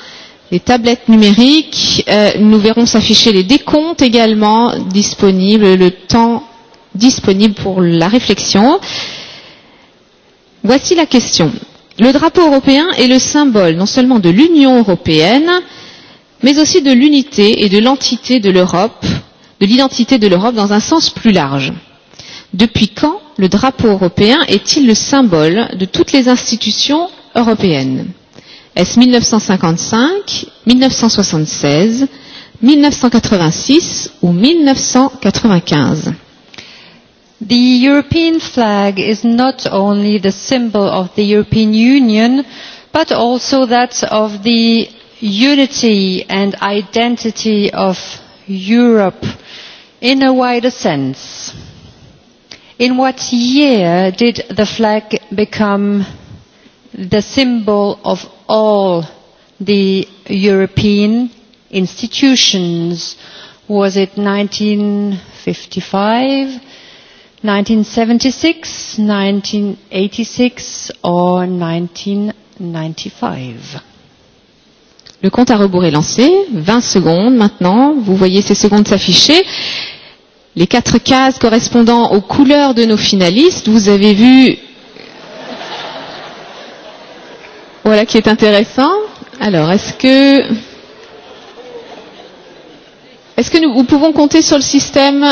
les tablettes numériques. Euh, nous verrons s'afficher les décomptes également disponibles, le temps disponible pour la réflexion. Voici la question. Le drapeau européen est le symbole non seulement de l'Union européenne, mais aussi de l'unité et de l'entité de l'Europe, de l'identité de l'Europe dans un sens plus large. Depuis quand le drapeau européen est-il le symbole de toutes les institutions européennes Est-ce 1955, 1976, 1986 ou 1995 The European flag is not only the symbol of the European Union, but also that of the unity and identity of Europe in a wider sense. In what year did the flag become the symbol of all the European institutions? Was it 1955, 1976, 1986 or 1995? Le compte à rebours est lancé. 20 secondes maintenant. Vous voyez ces secondes s'afficher les quatre cases correspondant aux couleurs de nos finalistes. Vous avez vu. Voilà qui est intéressant. Alors, est-ce que. Est-ce que nous, nous pouvons compter sur le système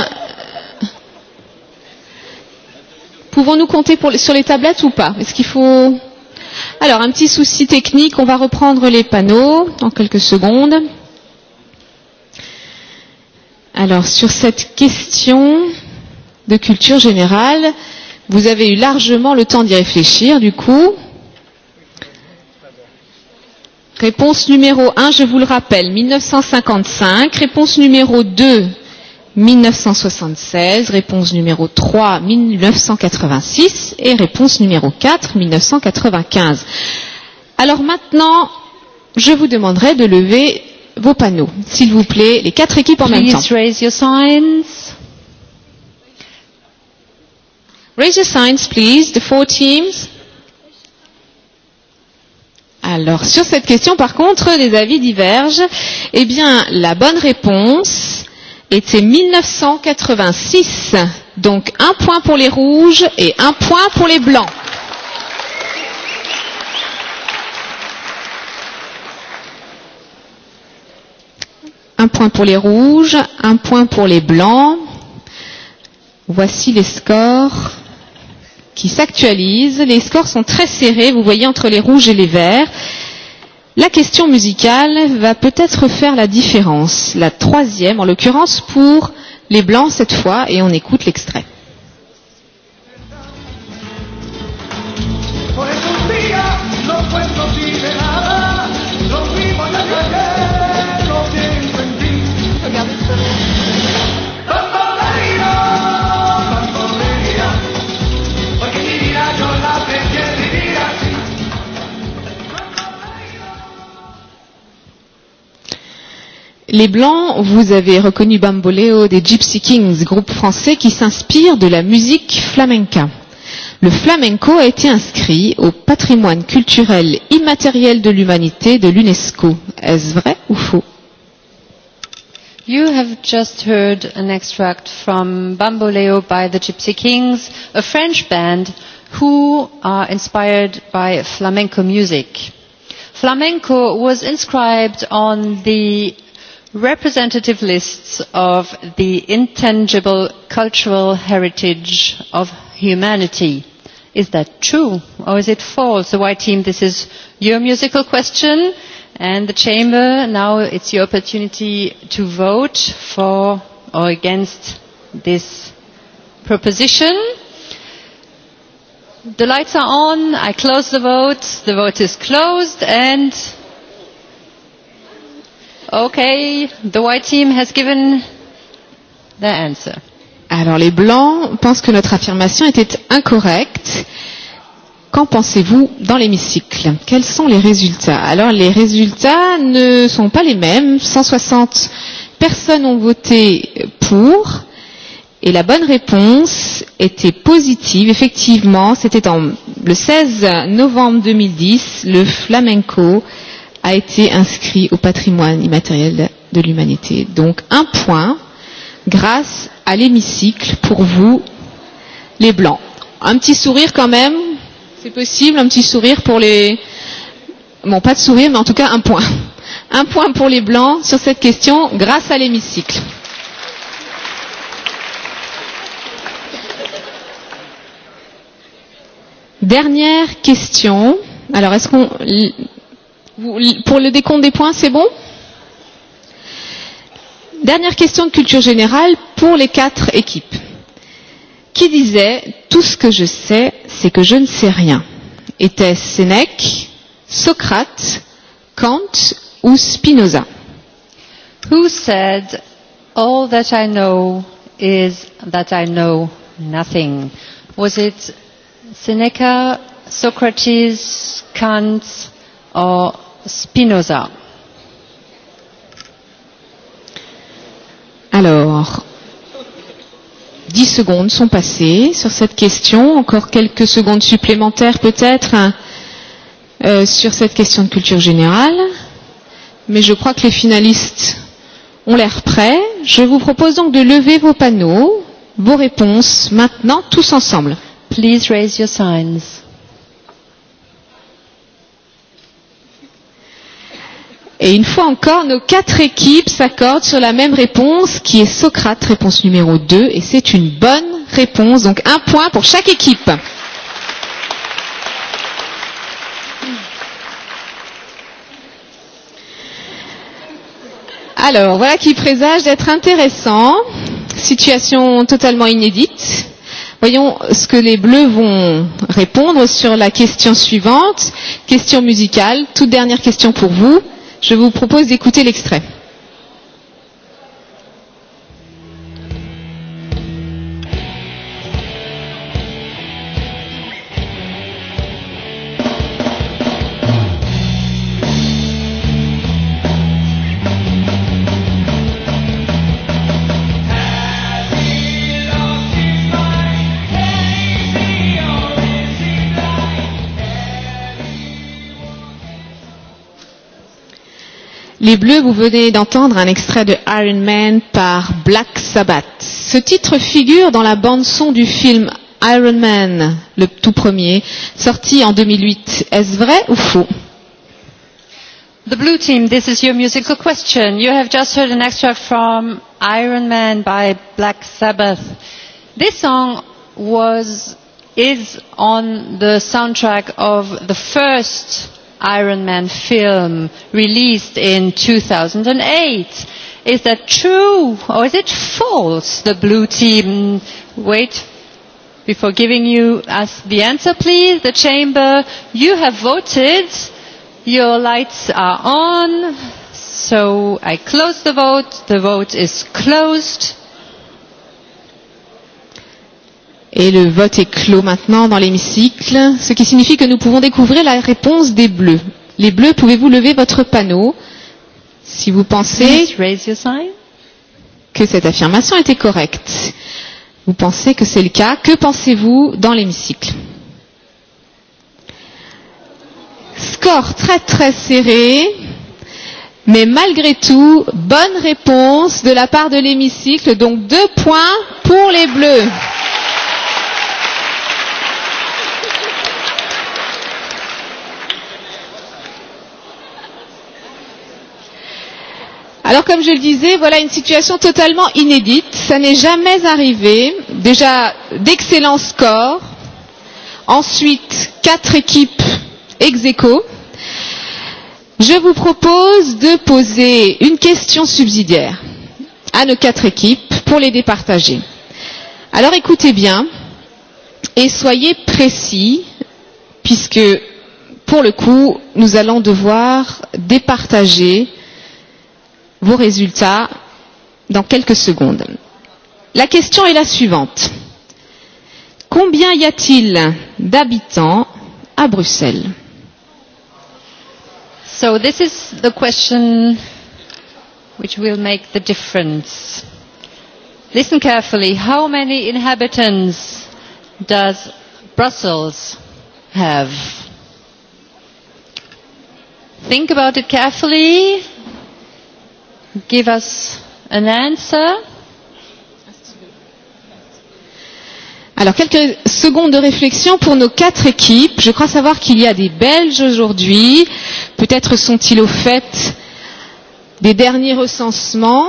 Pouvons-nous compter pour, sur les tablettes ou pas Est-ce qu'il faut. Alors, un petit souci technique. On va reprendre les panneaux en quelques secondes. Alors, sur cette question de culture générale, vous avez eu largement le temps d'y réfléchir, du coup. Réponse numéro 1, je vous le rappelle, 1955. Réponse numéro 2, 1976. Réponse numéro 3, 1986. Et réponse numéro 4, 1995. Alors maintenant, je vous demanderai de lever vos panneaux. S'il vous plaît, les quatre équipes en Please même temps. raise your signs. Raise your signs, please, the four teams. Alors, sur cette question, par contre, les avis divergent. Eh bien, la bonne réponse était 1986. Donc, un point pour les rouges et un point pour les blancs. Un point pour les rouges, un point pour les blancs. Voici les scores qui s'actualisent. Les scores sont très serrés, vous voyez, entre les rouges et les verts. La question musicale va peut-être faire la différence. La troisième, en l'occurrence, pour les blancs cette fois, et on écoute l'extrait. Por esos días no puedo liberar. Les Blancs, vous avez reconnu Bamboléo des Gypsy Kings, groupe français qui s'inspire de la musique flamenca. Le flamenco a été inscrit au patrimoine culturel immatériel de l'humanité de l'UNESCO. Est-ce vrai ou faux You have just heard an extract from Bamboléo by the Gypsy Kings, a French band who are inspired by flamenco music. Flamenco was inscribed on the representative lists of the intangible cultural heritage of humanity. Is that true or is it false? The White Team, this is your musical question and the Chamber, now it's your opportunity to vote for or against this proposition. The lights are on. I close the vote. The vote is closed and Okay, the white team has given the answer. Alors les blancs pensent que notre affirmation était incorrecte. Qu'en pensez-vous dans l'hémicycle Quels sont les résultats Alors les résultats ne sont pas les mêmes. 160 personnes ont voté pour et la bonne réponse était positive. Effectivement, c'était le 16 novembre 2010, le flamenco euh, a été inscrit au patrimoine immatériel de l'humanité. Donc un point grâce à l'hémicycle pour vous, les Blancs. Un petit sourire quand même, c'est possible, un petit sourire pour les... Bon, pas de sourire, mais en tout cas un point. Un point pour les Blancs sur cette question grâce à l'hémicycle. Dernière question. Alors, est-ce qu'on Vous, pour le décompte des points, c'est bon Dernière question de culture générale pour les quatre équipes. Qui disait Tout ce que je sais, c'est que je ne sais rien Était Sénèque, Socrate, Kant ou Spinoza Who said All that I know is that I know nothing Was it Seneca, Socrates, Kant or Spinoza. Alors, 10 secondes sont passées sur cette question. Encore quelques secondes supplémentaires peut-être euh, sur cette question de culture générale. Mais je crois que les finalistes ont l'air prêts. Je vous propose donc de lever vos panneaux, vos réponses maintenant tous ensemble. Please raise your signs. Et une fois encore, nos quatre équipes s'accordent sur la même réponse qui est Socrate, réponse numéro 2. Et c'est une bonne réponse. Donc un point pour chaque équipe. Alors, voilà qui présage d'être intéressant. Situation totalement inédite. Voyons ce que les Bleus vont répondre sur la question suivante. Question musicale. Toute dernière question pour vous. Je vous propose d'écouter l'extrait. Les Bleus, vous venez d'entendre un extrait de Iron Man par Black Sabbath. Ce titre figure dans la bande-son du film Iron Man, le tout premier, sorti en 2008. Est-ce vrai ou faux The Blue Team, this is your musical question. You have just heard an extract from Iron Man by Black Sabbath. This song was, is on the soundtrack of the first Iron Man film released in 2008. Is that true or is it false, the blue team? Wait, before giving you us the answer, please, the chamber, you have voted. Your lights are on. So I close the vote. The vote is closed. Et le vote est clos maintenant dans l'hémicycle, ce qui signifie que nous pouvons découvrir la réponse des bleus. Les bleus, pouvez-vous lever votre panneau si vous pensez que cette affirmation était correcte Vous pensez que c'est le cas Que pensez-vous dans l'hémicycle Score très très serré, mais malgré tout, bonne réponse de la part de l'hémicycle, donc deux points pour les bleus. Alors comme je le disais, voilà une situation totalement inédite. Ça n'est jamais arrivé. Déjà d'excellents scores. Ensuite, quatre équipes ex aequo. Je vous propose de poser une question subsidiaire à nos quatre équipes pour les départager. Alors écoutez bien et soyez précis puisque pour le coup, nous allons devoir départager euh, vos résultats dans quelques secondes. La question est la suivante. Combien y a-t-il d'habitants à Bruxelles So this is the question which will make the difference. Listen carefully. How many inhabitants does Brussels have? Think about it carefully give us an answer. Alors, quelques secondes de réflexion pour nos quatre équipes. Je crois savoir qu'il y a des Belges aujourd'hui. Peut-être sont-ils au fait des derniers recensements.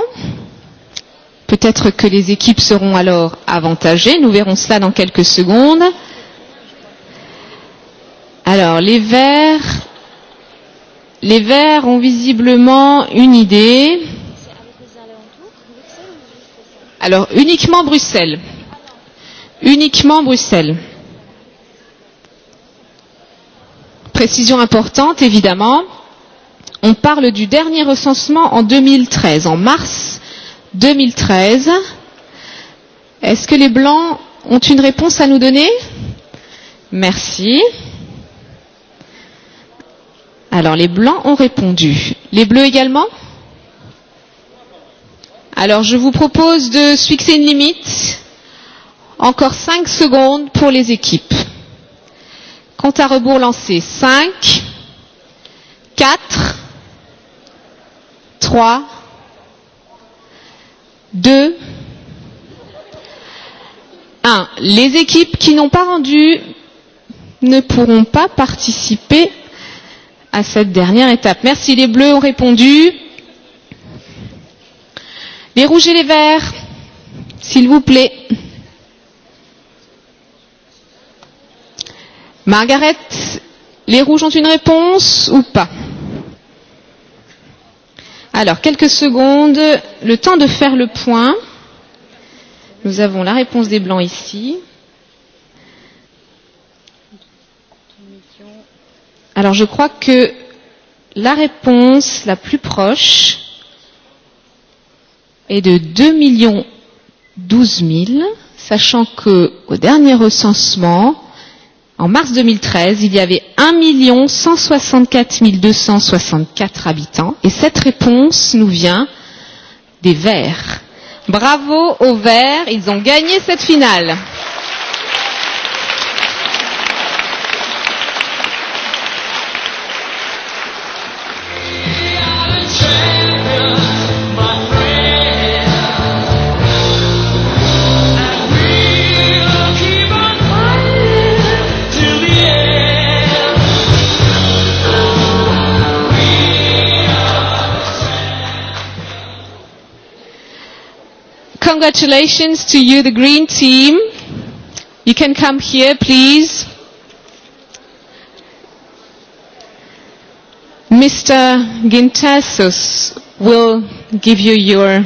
Peut-être que les équipes seront alors avantagées. Nous verrons cela dans quelques secondes. Alors, les Verts Les Verts ont visiblement une idée. Alors, uniquement Bruxelles. Uniquement Bruxelles. Précision importante, évidemment. On parle du dernier recensement en 2013, en mars 2013. Est-ce que les Blancs ont une réponse à nous donner Merci. Merci. Alors les blancs ont répondu. Les bleus également Alors je vous propose de se fixer une limite. Encore 5 secondes pour les équipes. Compte à rebours lancé. 5, 4, 3, 2, 1. Les équipes qui n'ont pas rendu ne pourront pas participer à cette dernière étape. Merci. Les bleus ont répondu. Les rouges et les verts, s'il vous plaît. Margaret, les rouges ont une réponse ou pas Alors, quelques secondes, le temps de faire le point. Nous avons la réponse des blancs ici. Alors je crois que la réponse la plus proche est de 2 millions 12 000, sachant qu'au dernier recensement, en mars 2013, il y avait 1 164 264 habitants et cette réponse nous vient des Verts. Bravo aux Verts, ils ont gagné cette finale. Applaudissements congratulations to you, the green team. You can come here, please. Mr. Gintasos will give you your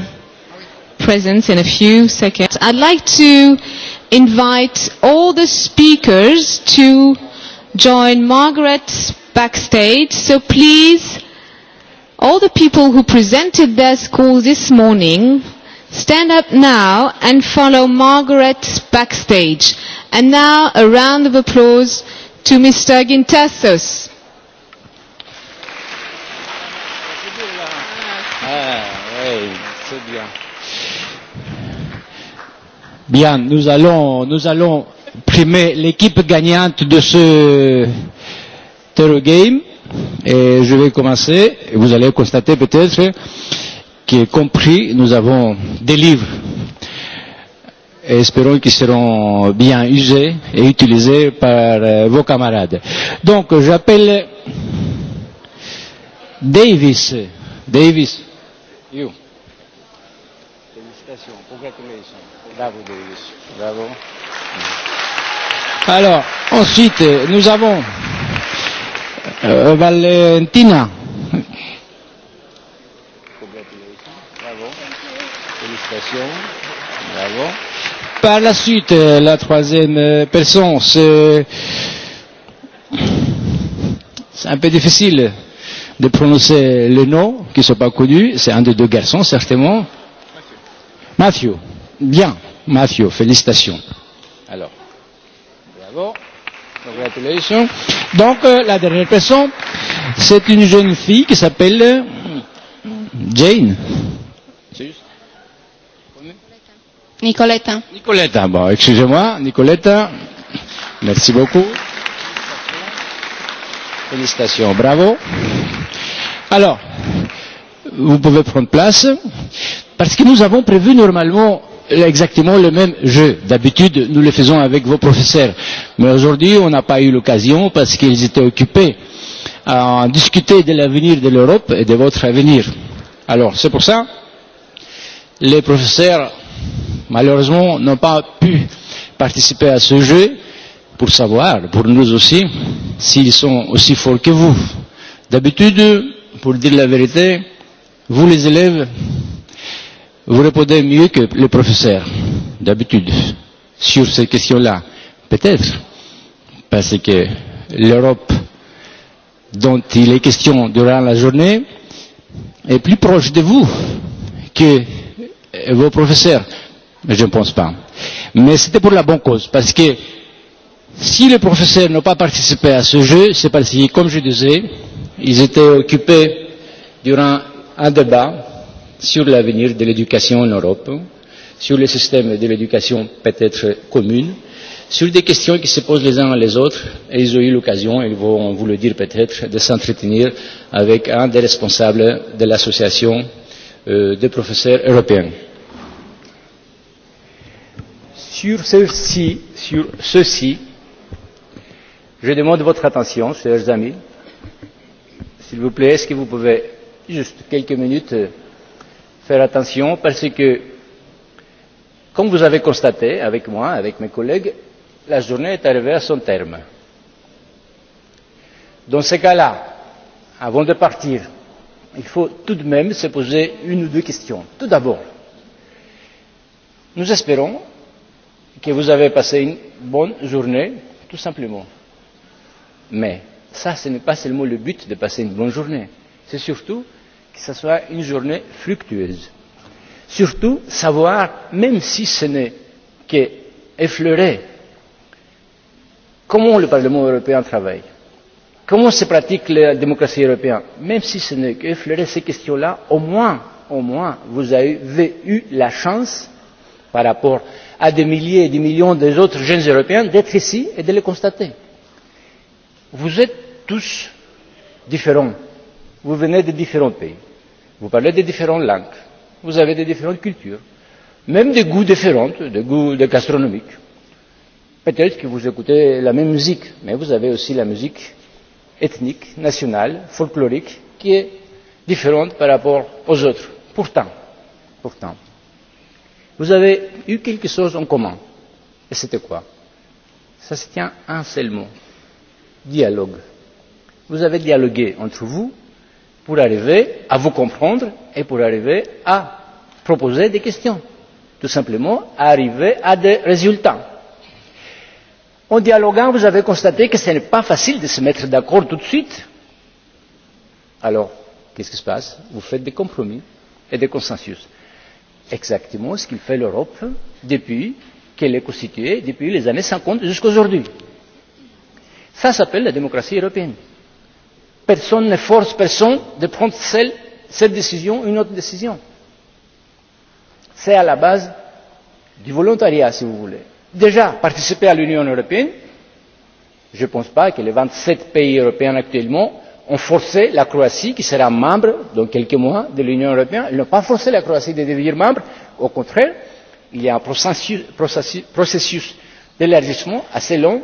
presence in a few seconds. I'd like to invite all the speakers to join Margaret backstage. So please, all the people who presented their schools this morning, Stand up now and follow Margaret backstage. And now a round of applause to Mr. Gintasos. Ah, oui, c'est bien. Bien, nous allons, nous allons primer l'équipe gagnante de ce Terror Game. Et je vais commencer. Vous allez constater peut-être qui est compris. Nous avons des livres et espérons qu'ils seront bien usés et utilisés par euh, vos camarades. Donc, j'appelle Davis. Davis, you. Félicitations, congratulations. Bravo, Davis. Bravo. Alors, ensuite, nous avons euh, Valentina. félicitations. Bravo. Par la suite, euh, la troisième euh, personne, c'est un peu difficile de prononcer les noms qui ne sont pas connus. C'est un des deux garçons, certainement. Matthew. Matthew. Bien, Matthew, félicitations. Alors, bravo. Congratulations. Donc, euh, la dernière personne, c'est une jeune fille qui s'appelle euh, Jane. Nicoletta. Nicoletta, bon, excusez-moi, Nicoletta. Merci beaucoup. Félicitations, bravo. Alors, vous pouvez prendre place parce que nous avons prévu normalement exactement le même jeu. D'habitude, nous le faisons avec vos professeurs. Mais aujourd'hui, on n'a pas eu l'occasion parce qu'ils étaient occupés à discuter de l'avenir de l'Europe et de votre avenir. Alors, c'est pour ça, les professeurs malheureusement, n'ont pas pu participer à ce jeu pour savoir, pour nous aussi, s'ils sont aussi forts que vous. D'habitude, pour dire la vérité, vous les élèves, vous répondez mieux que les professeurs, d'habitude, sur ces questions-là. Peut-être, parce que l'Europe dont il est question durant la journée est plus proche de vous que vos professeurs. Mais je ne pense pas. Mais c'était pour la bonne cause, parce que si les professeurs n'ont pas participé à ce jeu, c'est parce que, comme je disais, ils étaient occupés durant un débat sur l'avenir de l'éducation en Europe, sur le système de l'éducation peut-être commune, sur des questions qui se posent les uns les autres, et ils ont eu l'occasion, ils vont vous le dire peut-être, de s'entretenir avec un des responsables de l'association Euh, des professeurs européens. Sur ceci, sur ceci, je demande votre attention, chers amis. S'il vous plaît, est-ce que vous pouvez juste quelques minutes euh, faire attention parce que, comme vous avez constaté avec moi, avec mes collègues, la journée est arrivée à son terme. Dans ce cas-là, avant de partir, il faut tout de même se poser une ou deux questions. tout d'abord nous espérons que vous avez passé une bonne journée tout simplement. mais ça ce n'est pas seulement le but de passer une bonne journée c'est surtout que ce soit une journée fructueuse. surtout savoir même si ce n'est qu'effleurer comment le parlement européen travaille comment se pratique la démocratie européenne même si ce n'est qu'effleurer ces questions là au moins au moins vous avez eu la chance par rapport à des milliers et des millions d'autres jeunes européens d'être ici et de le constater. vous êtes tous différents vous venez de différents pays vous parlez de différentes langues vous avez de différentes cultures même des goûts différents des goûts gastronomiques. peut être que vous écoutez la même musique mais vous avez aussi la musique ethnique nationale folklorique qui est différente par rapport aux autres. Pourtant, pourtant, vous avez eu quelque chose en commun. Et c'était quoi Ça se tient à un seul mot. Dialogue. Vous avez dialogué entre vous pour arriver à vous comprendre et pour arriver à proposer des questions. Tout simplement, à arriver à des résultats En dialoguant, vous avez constaté que ce n'est pas facile de se mettre d'accord tout de suite. Alors, qu'est-ce qui se passe Vous faites des compromis et des consensus. Exactement ce qu'il fait l'Europe depuis qu'elle est constituée, depuis les années 50 jusqu'à aujourd'hui. Ça s'appelle la démocratie européenne. Personne ne force personne de prendre celle, cette décision ou une autre décision. C'est à la base du volontariat, si vous voulez déjà participé à l'union européenne je ne pense pas que les vingt sept pays européens actuellement aient forcé la croatie qui sera membre dans quelques mois de l'union européenne ils n'ont pas forcé la croatie à devenir membre au contraire il y a un processus d'élargissement assez long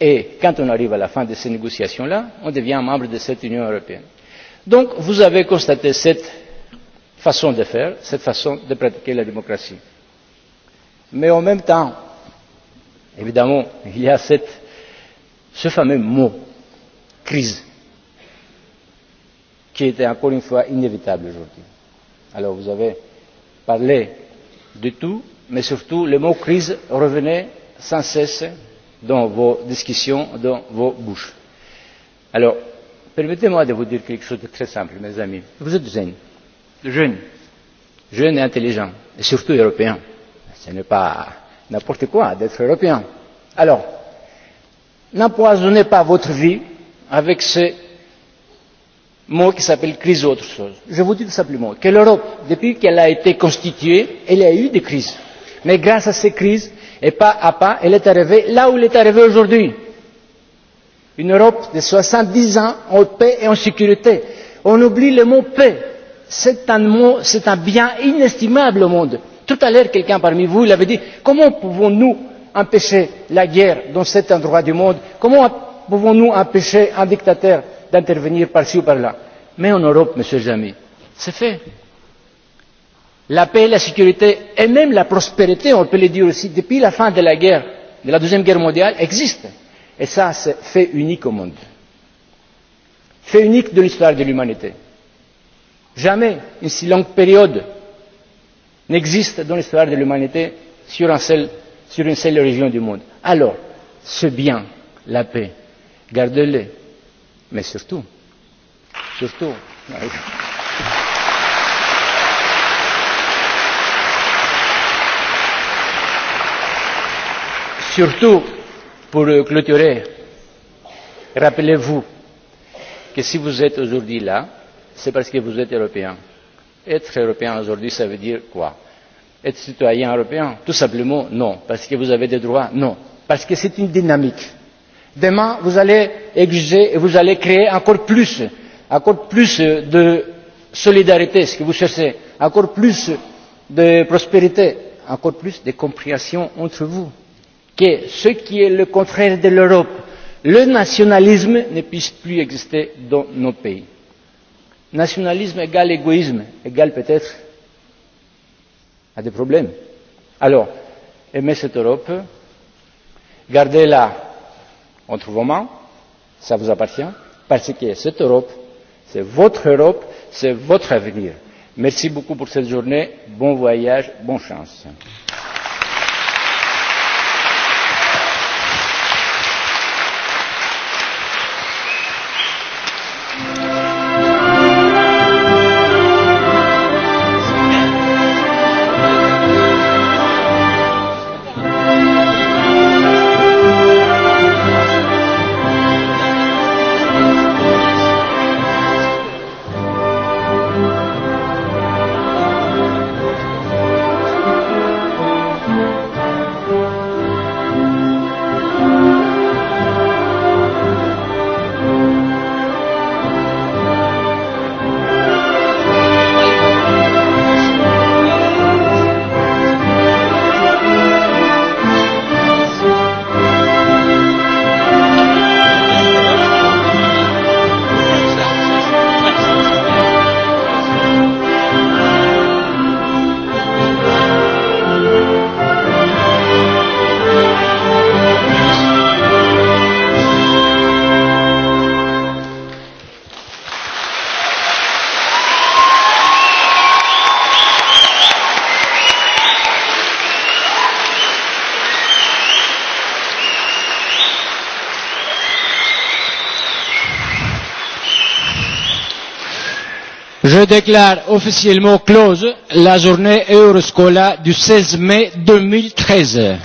et quand on arrive à la fin de ces négociations là on devient membre de cette union européenne. donc vous avez constaté cette façon de faire cette façon de pratiquer la démocratie mais en même temps évidemment il y a cette, ce fameux mot crise qui était encore une fois inévitable aujourd'hui. Alors vous avez parlé de tout, mais surtout le mot crise revenait sans cesse dans vos discussions, dans vos bouches. Alors, permettez-moi de vous dire quelque chose de très simple, mes amis. Vous êtes jeunes, jeunes, jeunes et intelligents, et surtout européens ce n'est pas n'importe quoi d'être européen. alors n'empoisonnez pas votre vie avec ce mot qui s'appelle crise ou autre chose. je vous dis tout simplement que l'europe depuis qu'elle a été constituée elle a eu des crises mais grâce à ces crises et pas à pas elle est arrivée là où elle est arrivée aujourd'hui une europe de soixante dix ans en paix et en sécurité. on oublie le mot paix c'est un mot c'est un bien inestimable au monde tout à l'heure quelqu'un parmi vous l'avait dit comment pouvons nous empêcher la guerre dans cet endroit du monde comment pouvons nous empêcher un dictateur d'intervenir par ci ou par là? mais en europe mes chers amis c'est fait. la paix la sécurité et même la prospérité on peut le dire aussi depuis la fin de la guerre de la deuxième guerre mondiale existent et ça c'est un fait unique au monde fait unique de l'histoire de l'humanité. jamais une si longue période n'existe dans l'histoire de l'humanité sur, un seul, sur une seule région du monde. Alors, c'est bien la paix, gardez-le, mais surtout, surtout. Surtout, pour clôturer, rappelez-vous que si vous êtes aujourd'hui là, c'est parce que vous êtes européen Être européen aujourd'hui, ça veut dire quoi Être citoyen européen Tout simplement non. Parce que vous avez des droits Non. Parce que c'est une dynamique. Demain, vous allez exiger et vous allez créer encore plus, encore plus de solidarité, ce que vous cherchez, encore plus de prospérité, encore plus de compréhension entre vous. Que ce qui est le contraire de l'Europe, le nationalisme, ne puisse plus exister dans nos pays Nationalisme égale égoïsme égale peut-être à des problèmes. Alors, aimer cette Europe, gardez-la entre vos mains, ça vous appartient, parce que cette Europe, c'est votre Europe, c'est votre avenir. Merci beaucoup pour cette journée, bon voyage, bonne chance. Applaudissements Je déclare officiellement close la journée Euroscola du 16 mai 2013.